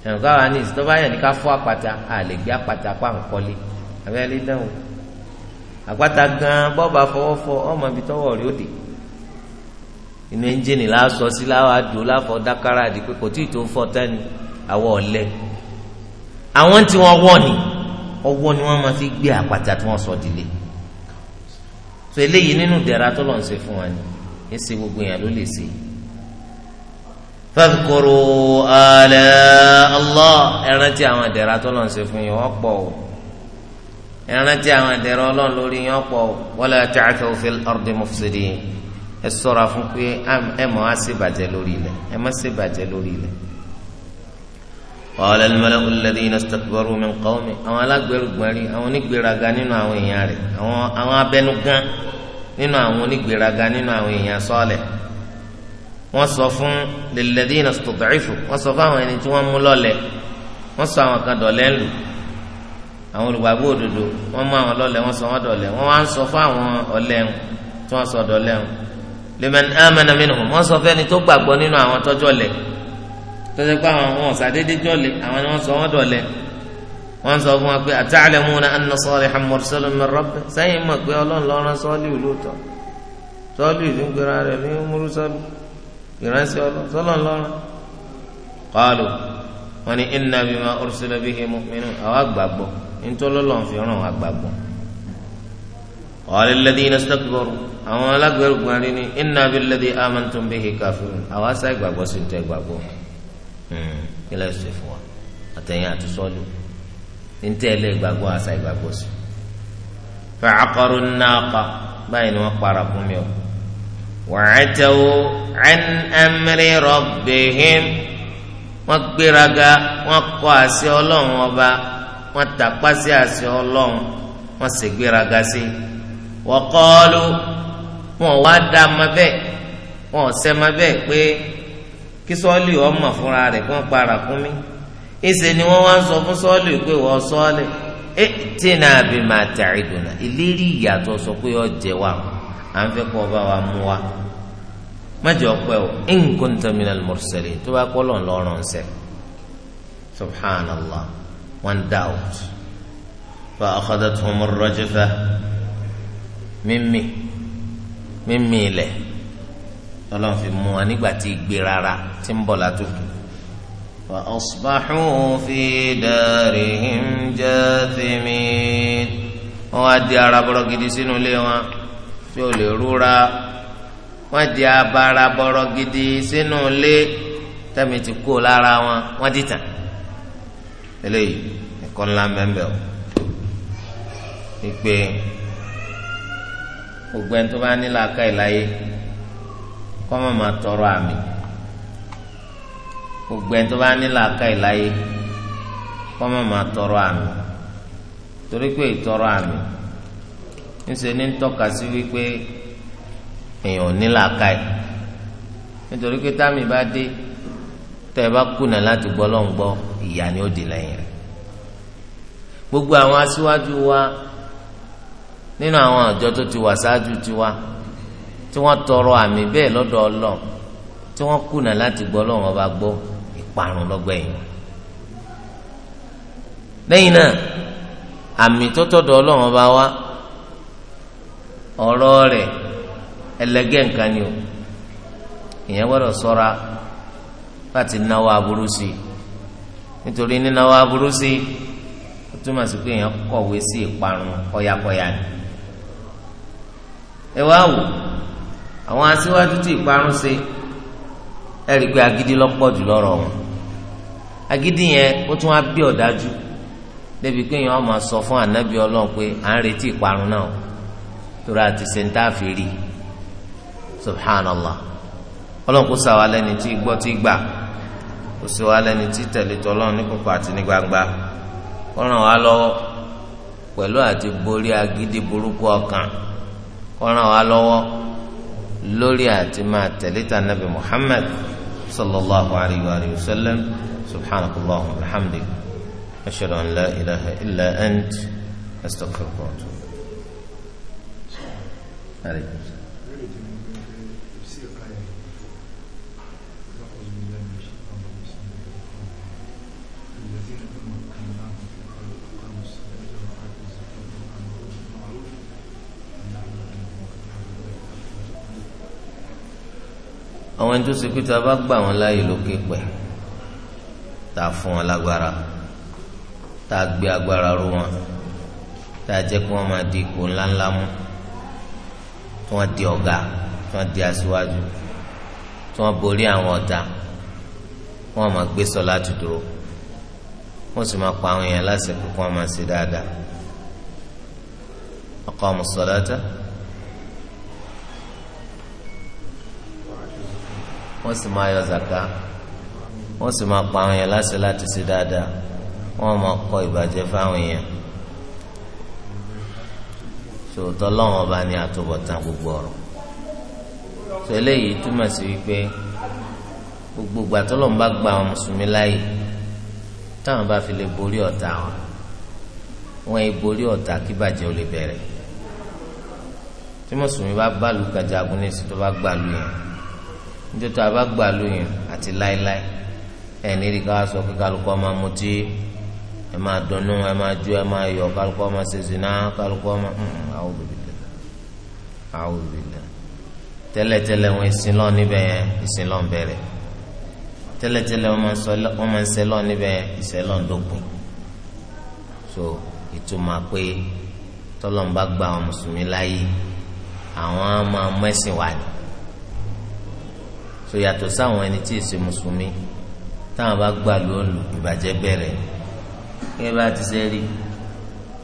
S1: ẹnìkan wà ní ìsìtọ́ba yẹn ní ká fọ́ àpáta a lè gbé àpáta pa nkọ́lé abẹ́rẹ́ dáhùn àpáta gan bọ́ọ̀bà fọwọ́fọ ọmọ ibi tọ́wọ́ rí òde inú ẹ́ńjìnì lásọ sí láwa dùn láfọ dákàrà àdì pé kò tí ì tó fọ́ tání àwọ̀ ọ̀lẹ́ àwọn tí wọ́n wọ̀ ni ọwọ́ ni wọ́n máa fi gbé àpáta tí wọ́n sọ dìlé. So so eléyìí nínú dẹ̀ra tó lọ́n ṣe fún wa ni èsì gbogbo yẹn ló lè ṣe. fadhkuru ala Allah ẹ rántí àwọn dẹ̀ra tó lọ́n ṣe fún yín wọ́n pọ̀ o ẹ rántí àwọn dẹ̀ra ọlọ́run lórí yín wọ́n pọ̀ o wala ta'thaw fil ardi mufsidin ẹ ṣọ́ra fún pé ẹ mọ̀ á ṣèbàjẹ́ lórí ilẹ̀ ẹ má ṣèbàjẹ́ lórí ilẹ̀ قال الملأ الذين استكبروا من قومه àwọn alágbèrúgbẹ̀rí àwọn onígbèraga nínú àwọn èèyàn rẹ̀ àwọn àwọn abẹnugan nínú àwọn onígbèraga nínú àwọn èèyàn Sọ́ọ̀lẹ̀ wọ́n sọ fún lilladhina istud'ifu wọ́n sọ fún àwọn ẹni tí wọ́n mú lọ́lẹ̀ wọ́n sọ àwọn kan dọ̀lẹ́ ńlù àwọn olùgbàgbọ́ òdodo wọ́n mú àwọn lọ́lẹ̀ wọ́n sọ wọ́n dọ̀lẹ́ wọ́n wá ń sọ fún àwọn ọ̀lẹ́ tí wọ́n sọ dọ̀lẹ́ liman amana minhum wọ́n sọ fẹ́ni tó gbàgbọ́ nínú àwọn tọ́jọ́ lẹ̀ tọ́jú pé àwọn ọmọ ọ̀sàdédé jọ̀lẹ̀ àwọn ni wọ́n sọ wọ́n dọ̀lẹ̀ wọ́n sọ fún wa pé àtàlẹ́mú na anna Salihan mursalun min rabbih sẹ́yìn mọ̀ pé ọlọ́run lọ́rán sọ́ọ́lì olóòótọ́ sọ́ọ́lì ìdúgbòrà rẹ̀ ní múrúsọ́lù ìránṣẹ́ ọlọ́run lọ́rán. qalu wọn ni inna bima ursila bihi mu'minun àwọn àgbàgbọ́ ntọ́lọ́lọ́n fi ràn àgbàgbọ́. qala alladhina istakbaru àwọn alágbèrè gbọ́n Eh. kí ṣe fún wa àtẹ̀yìn àti ìgbàgbọ́ àṣà ìgbàgbọ́ sí. báyìí ni para fún mi o. ẹn wọ́n gbéraga wọ́n àṣẹ ọlọ́run ọba wọ́n tàpá wọn wá wọn sẹ́ ma bẹ́ẹ̀ kí sọ́ọ̀lì ọmọ fúnra rẹ̀ kó ń para kún mi ìṣe ni wọ́n wá ń sọ fún sọ́ọ̀lì pé wọ́n sọ́ọ̀lì ẹ tí náà bí máa tàrí dùnà ìlérí ìyàtọ̀ sọ pé ọ jẹ wa à ń fẹ́ kọ́ ọba wa mú wa mẹjọ ọpẹ o in kunta minal tó bá kọ́ lọ́n lọ́rùn ń sẹ́ subhanallah one doubt fa akhadathum ar-rajfa mímì mímì ilẹ̀ lọ́lọ́run fi mú wọn nígbà tí ìgbé rárá ti ń bọ̀ látòkè. wa asbahu fi darihim jathimin wọ́n wá di ara bọ̀rọ̀ gidi sínú ilé wọn tí ò lè rúra wọ́n di abara bọ̀rọ̀ gidi sínú ilé tẹ́mi ti kó lára wọn wọ́n ti tàn eléyìí ẹ̀kọ́ ńlá mẹ́mbẹ́ o ìpè gbogbo ẹni tó bá ní làákàyè láyé kọ́mọ̀ máa tọrọ àmì gbogbo ẹni tó bá ní làákà ìláyé kọ́mọ̀ máa tọrọ àmì torí pé ìtọrọ àmì ńṣe ní tọ́ka sí wípé èèyàn ò ní làákà ẹ̀ nítorí pé táàmì bá dé tẹ́ ẹ bá kùnà láti gbọ́ lọ́n gbọ́ ìyá ni ó di lẹ́yìn rẹ̀ gbogbo àwọn aṣíwájú wa nínú àwọn àjọ tó ti wà ṣáájú tiwa tí wọ́n tọrọ àmì bẹ́ẹ̀ lọ́dọ̀ Ọlọ́run tí wọ́n kùnà láti gbọ́ Ọlọ́run ọba gbọ́ ìparun lọ́gbẹ̀yìn lẹ́yìn náà àmì tó tọ̀dọ̀ Ọlọ́run ọba wa ọ̀rọ̀ rẹ̀ nǹkan ni o ìyẹn gbọ́dọ̀ ṣọ́ra láti náwó aburú sí i nítorí nínáwó aburú sí i ó túmọ̀ sí pé èèyàn kọ̀wé sí ìparun kọ́yákọ́yá ni ẹ wá wò ó àwọn aṣíwájú tí ìparun ṣe ẹ rí i pé agídí lọ́pọ̀ jù lọ́rọ̀ wọn agídí yẹn ó tún á bí ọ̀dájú débi pé èèyàn máa sọ fún ànábì ọlọ́run pé à ń retí ìparun náà torí àti sèǹtà fi rí subhanallah ọlọ́run kò sàwà lẹ́ni tí gbọ́ tí gbà kò sí wa lẹ́ni tí tẹ̀lé tọ́lọ́run ní kókó àti ní gbangba kó ràn wá lọ́wọ́ pẹ̀lú àti borí agídí burúkú ọkàn kó ràn wá lọ́wọ́ lórí àti máa tẹ̀lé ta nabi muhammed sallallahu alayhi wa sallam subhanahu wa ta'ala alhamdi ashhadu an la ilaha illa ant astaghfirullah. àwọn ẹni tó ṣe pé tá a bá gbà wọn láàyè lókè pẹ̀ tá a fún wọn lágbára tá a gbé agbára ró wọn tá a jẹ́ kí wọ́n máa di ipò ńláńlá mú tí wọ́n di ọ̀gá tí wọ́n di aṣíwájú tí wọ́n borí àwọn ọ̀tá wọ́n máa gbé sọ láti dúró wọ́n sì máa pa àwọn èèyàn láṣẹ kó wọ́n máa ṣe dáadáa aqamu salata. wọ́n sì máa yọ zaka wọ́n sì máa pa àwọn èèyàn láṣẹ láti ṣe dáadáa wọ́n máa kọ ìbàjẹ́ fáwọn èèyàn sòtọ́ lọ́wọ́n bá ní àtúbọ̀tán gbogbo ọ̀rọ̀ tó eléyìí túmọ̀ sí wípé gbogbo ìgbà tó lọ́n bá gba àwọn mùsùlùmí láàyè táwọn bá fi lè borí ọ̀tá wọn wọn yìí borí ọ̀tá kí bàjẹ́ ò lè bẹ̀rẹ̀ tí mùsùlùmí bá bá lu kàjagun ní tó bá gbàlú yẹn nítorí tó a bá gbà lóyún àti láéláé ẹ nídìí ká sọ pé kálukọ́ máa mutí ẹ máa dunnú ẹ máa jó ẹ máa yọ̀ kálukọ́ máa ṣe zina kálukọ́ máa a'udhu billah a'udhu billah tẹ́lẹ̀tẹ́lẹ̀ wọn ìsìn lọ níbẹ̀ yẹn ìsìn lọ bẹ̀rẹ̀ tẹ́lẹ̀tẹ́lẹ̀ wọn máa ń sẹ́ lọ níbẹ̀ yẹn ìsẹ́ lọ dópin so ìtumọ̀ pé tọ́lọ́mùbá gba àwọn mùsùlùmí láàyè àwọn máa mẹ́sìn wá ni. so yàtọ̀ sáwọn ẹni tí èsì mùsùlùmí táwọn bá gbà lóòlù ìbàjẹ́ bẹ̀rẹ̀ gẹ́gẹ́ bá ti ṣe rí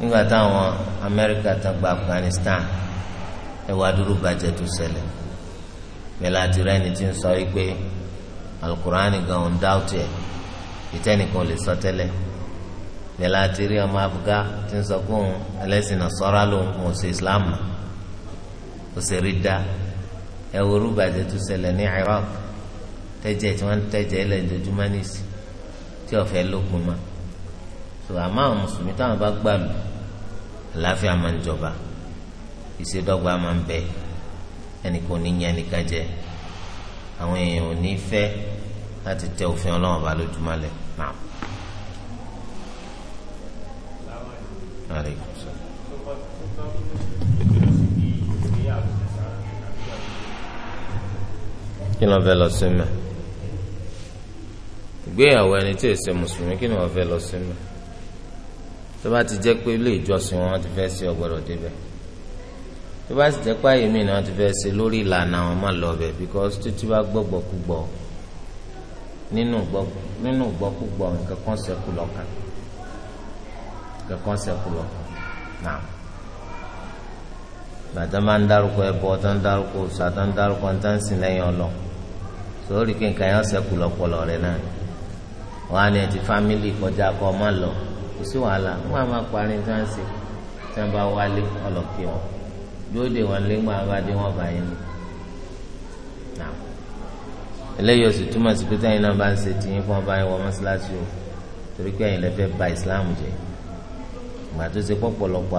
S1: nígbà táwọn gba Afghanistan ẹwà dúró bàjẹ́ tó ṣẹlẹ̀ bẹ́ẹ̀ láti rẹ́ ẹni tí ń sọ wípé alukurani gan ò ń ẹ̀ ìtẹ́nìkan lè sọ tẹ́lẹ̀ rí ọmọ tí ń sọ ẹlẹ́sìn náà sọ́ra Islam ẹwòrú bàjẹ́ tó ṣẹlẹ̀ ní Iraq tẹ́jẹ́ tí wọ́n tẹ́jẹ́ ilẹ̀ ìdójúmọ́ nìsí tí ọ̀fẹ́ lókun ma tó àmọ́ àwọn mùsùlùmí táwọn bá gbàlù àlàáfíà máa ń jọba ìṣèdọ́gba máa ń bẹ ẹnì kò ní yẹn nìkan jẹ àwọn èèyàn ò ní fẹ́ láti tẹ òfin ọlọ́wọ́n bá lójúmọ́ lẹ̀ náà. kí ni wọ́n fẹ́ lọ sí mẹ́ ìgbéyàwó ẹni tí èsè mùsùlùmí kí ni wọ́n fẹ́ lọ sí mẹ́ tó bá ti jẹ́ pé ilé ìjọsìn wọn ti fẹ́ sí ọgbọ́dọ̀ débẹ̀ tó bá sì jẹ́ pé àyè mi ni wọ́n ti fẹ́ ṣe lórí ìlànà àwọn máa lọ bẹ̀ because títí bá gbọ́gbọ́ kú gbọ́ nínú gbọ́kúgbọ́ nǹkan kan ṣẹ́kù lọ́kàn nǹkan kan ṣẹ́kù lọ́kàn náà gbàtà máa ń dárúkọ ẹbọ tó ń dárúkọ òòṣà tó ń dárúkọ ń tán sìn lẹ́yìn ọlọ́run. sórí kankan yẹn ọ̀sẹ̀ kùlọ̀kùlọ̀ rẹ̀ náà wọ́n famili ní ti fámìlì kọjá kọ́ ọmọ lọ kò sí wàhálà wọ́n á máa parí tí wọ́n ṣe tí wọ́n bá wálé ọlọ́kì wọn yóò dé wọn lé wọn abájẹ́ wọn bá yẹn ni. eléyìí oṣù túmọ̀ sí náà bá ń ṣe tìyín fún ọba ẹ̀wọ̀ mọ́ṣáláṣí o torí pé ẹ̀yin lè ba islam jẹ́ ìgbà tó ṣe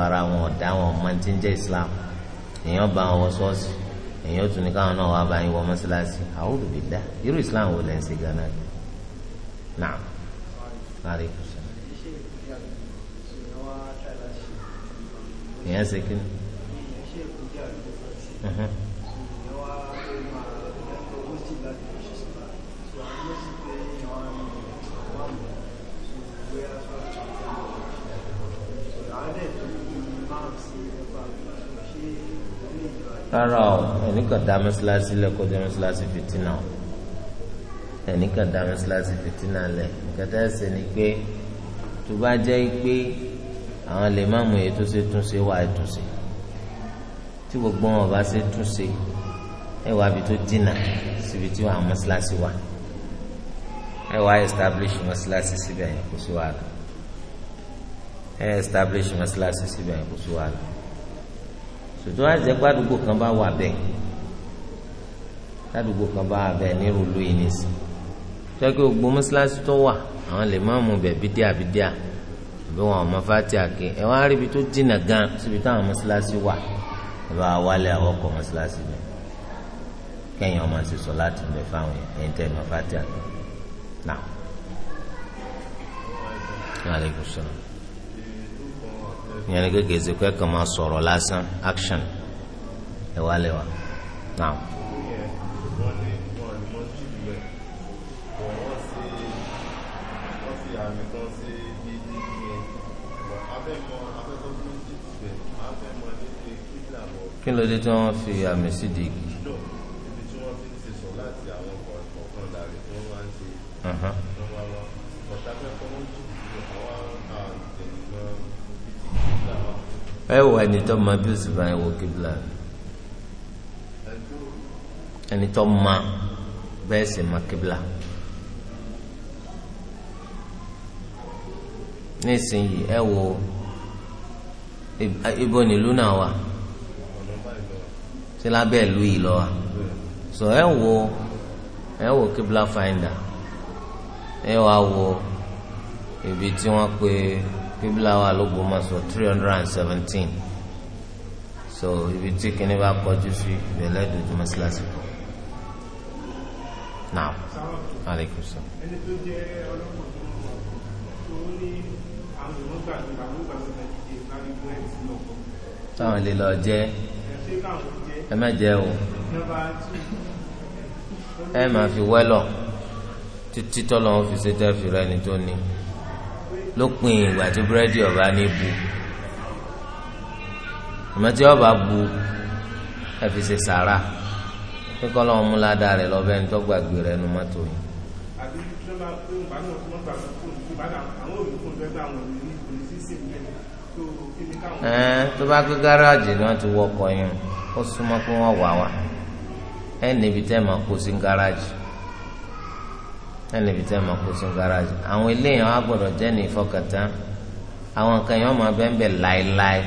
S1: ara wọn ọ̀dà wọn ọmọ tí ń jẹ́ èèyàn èyàn ó tún ní káwọn náà wá bá yín wọ mọ́sálásí a'udhu billah irú islam wo lẹ́ ń ṣe gánà rẹ̀ naam maaleykum salaam. èyàn ṣe kí Thank you rárá o ẹnìkan dá mẹsàlásì lẹ kó dé mẹsàlásì fìtínà o ẹnìkan dá mẹsàlásì fìtínà lẹ kẹtẹ ẹsẹ ni pé tó bá jẹ́ pé àwọn lè má mú ètò ṣe túnṣe wà ètòṣe tí gbogbo wọn bá ṣe túnṣe ẹ wá ibi tó dínà síbi tí àwọn mẹsàlásì wà ẹ wá establish mẹsàlásì síbẹ̀ yẹn kó sí wàhálà ẹ establish mẹsàlásì síbẹ̀ yẹn kó sí wàhálà tòtò wá jẹ́ pé àdúgbò kan bá wà bẹ́ẹ̀ àdúgbò kan bá wà bẹ́ẹ̀ ní rúlu yìí nìsín tọ́kì gbogbo mọ́sálásí tó wà àwọn lè má mú bẹ̀ bídíà bídíà bí wọn ọmọ fati àké ẹ wá ríbi tó jìnnà gan síbi táwọn mọ́sálásí wà ẹ bá wálé àwọn ọkọ̀ mọ́sálásí bẹ́ẹ̀ kẹ́yìn ọmọ sì sọ láti bẹ̀ fáwọn ẹ̀yìn tẹ́ ọmọ fati àké náà. Aleykum salaam ìyẹn ni gẹ́gẹ́ ṣe pé kàn máa sọ̀rọ̀ lásán action ẹ wá lẹ́wà náà. kí ló dé tí wọ́n fi àmì sídìí ẹ wò ẹni tó ma bí oṣù báyìí wò kíbla ẹni tó ma bẹ́ẹ̀ sì ma kíbla nísìnyí ẹ wò ibo nílùú náà wà sí lábẹ́ ìlú yìí lọ wa so ẹ wò ẹ wò kíbla finder ẹ wà wò ibi tí wọ́n pe bíbélà wà lÓgbómọ̀ṣọ́ three hundred and seventeen so ibi tí kìnní bá kọjú sí ìbẹ̀lẹ̀ dòdò mọ́sálásí kọ. naam aleykum sọ. ẹni tó jẹ́ ọlọ́pàá tó ní àwọn ìwọ̀n gbà ní àwọn ìgbà tó ti di ìbáraẹni fún ẹ̀sìn táwọn lè lọ jẹ ẹ má jẹ o ẹ má fi wẹ́lọ̀ títí tọ́lọ́ wọn fi ṣe tẹ́ fi rẹ tó ní lópin ìgbà tí búrẹ́dì ọba ní bu àmọ́ tí ọba bu ẹ fi ṣe sàrà kíkọ́ lọ́wọ́ mú ládàá rẹ̀ lọ́bẹ̀ ní tọ́gbàgbé rẹ̀ nu mọ́tò yìí. ẹ̀ẹ́n tó bá gbé gáràjì náà ti wọkọ̀ yẹn ó súnmọ́ pé wọ́n wà wá ẹ̀ níbi tẹ́ ẹ̀ máa kó sí gáràjì ẹnlẹ bi tẹ ma kó sun garaji àwọn eléyàn á gbọ́dọ̀ jẹ ní ìfọkàntán àwọn kan yẹn wọn máa bẹ́ẹ̀ bẹ́ẹ̀ láéláé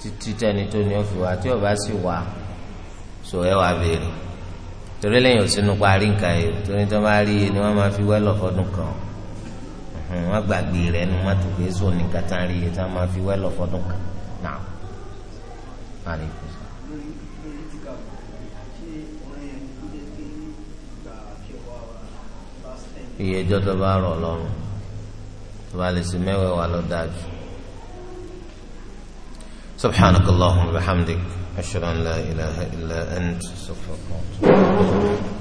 S1: títí tẹni tó ní òfin wa tí ọba sì wà sọ ẹ wà béèrè torí lẹ́yìn òsínú parí nǹkan yìí torí tó bá rí ni wọn máa fi wẹlọ fọdún kan wọn gbàgbé rẹ nu mọtò gbèsò ní kàtàrí yìí tí wọn máa fi wẹlọ fọdún kan náà. iye ẹjọ́ tó bá rọ̀ lọ́rùn tó bá lè sí mẹ́wẹ̀ẹ́ wà ló dáa jù. سبحانك اللهم وبحمدك أشهد أن لا إله إلا أنت أستغفرك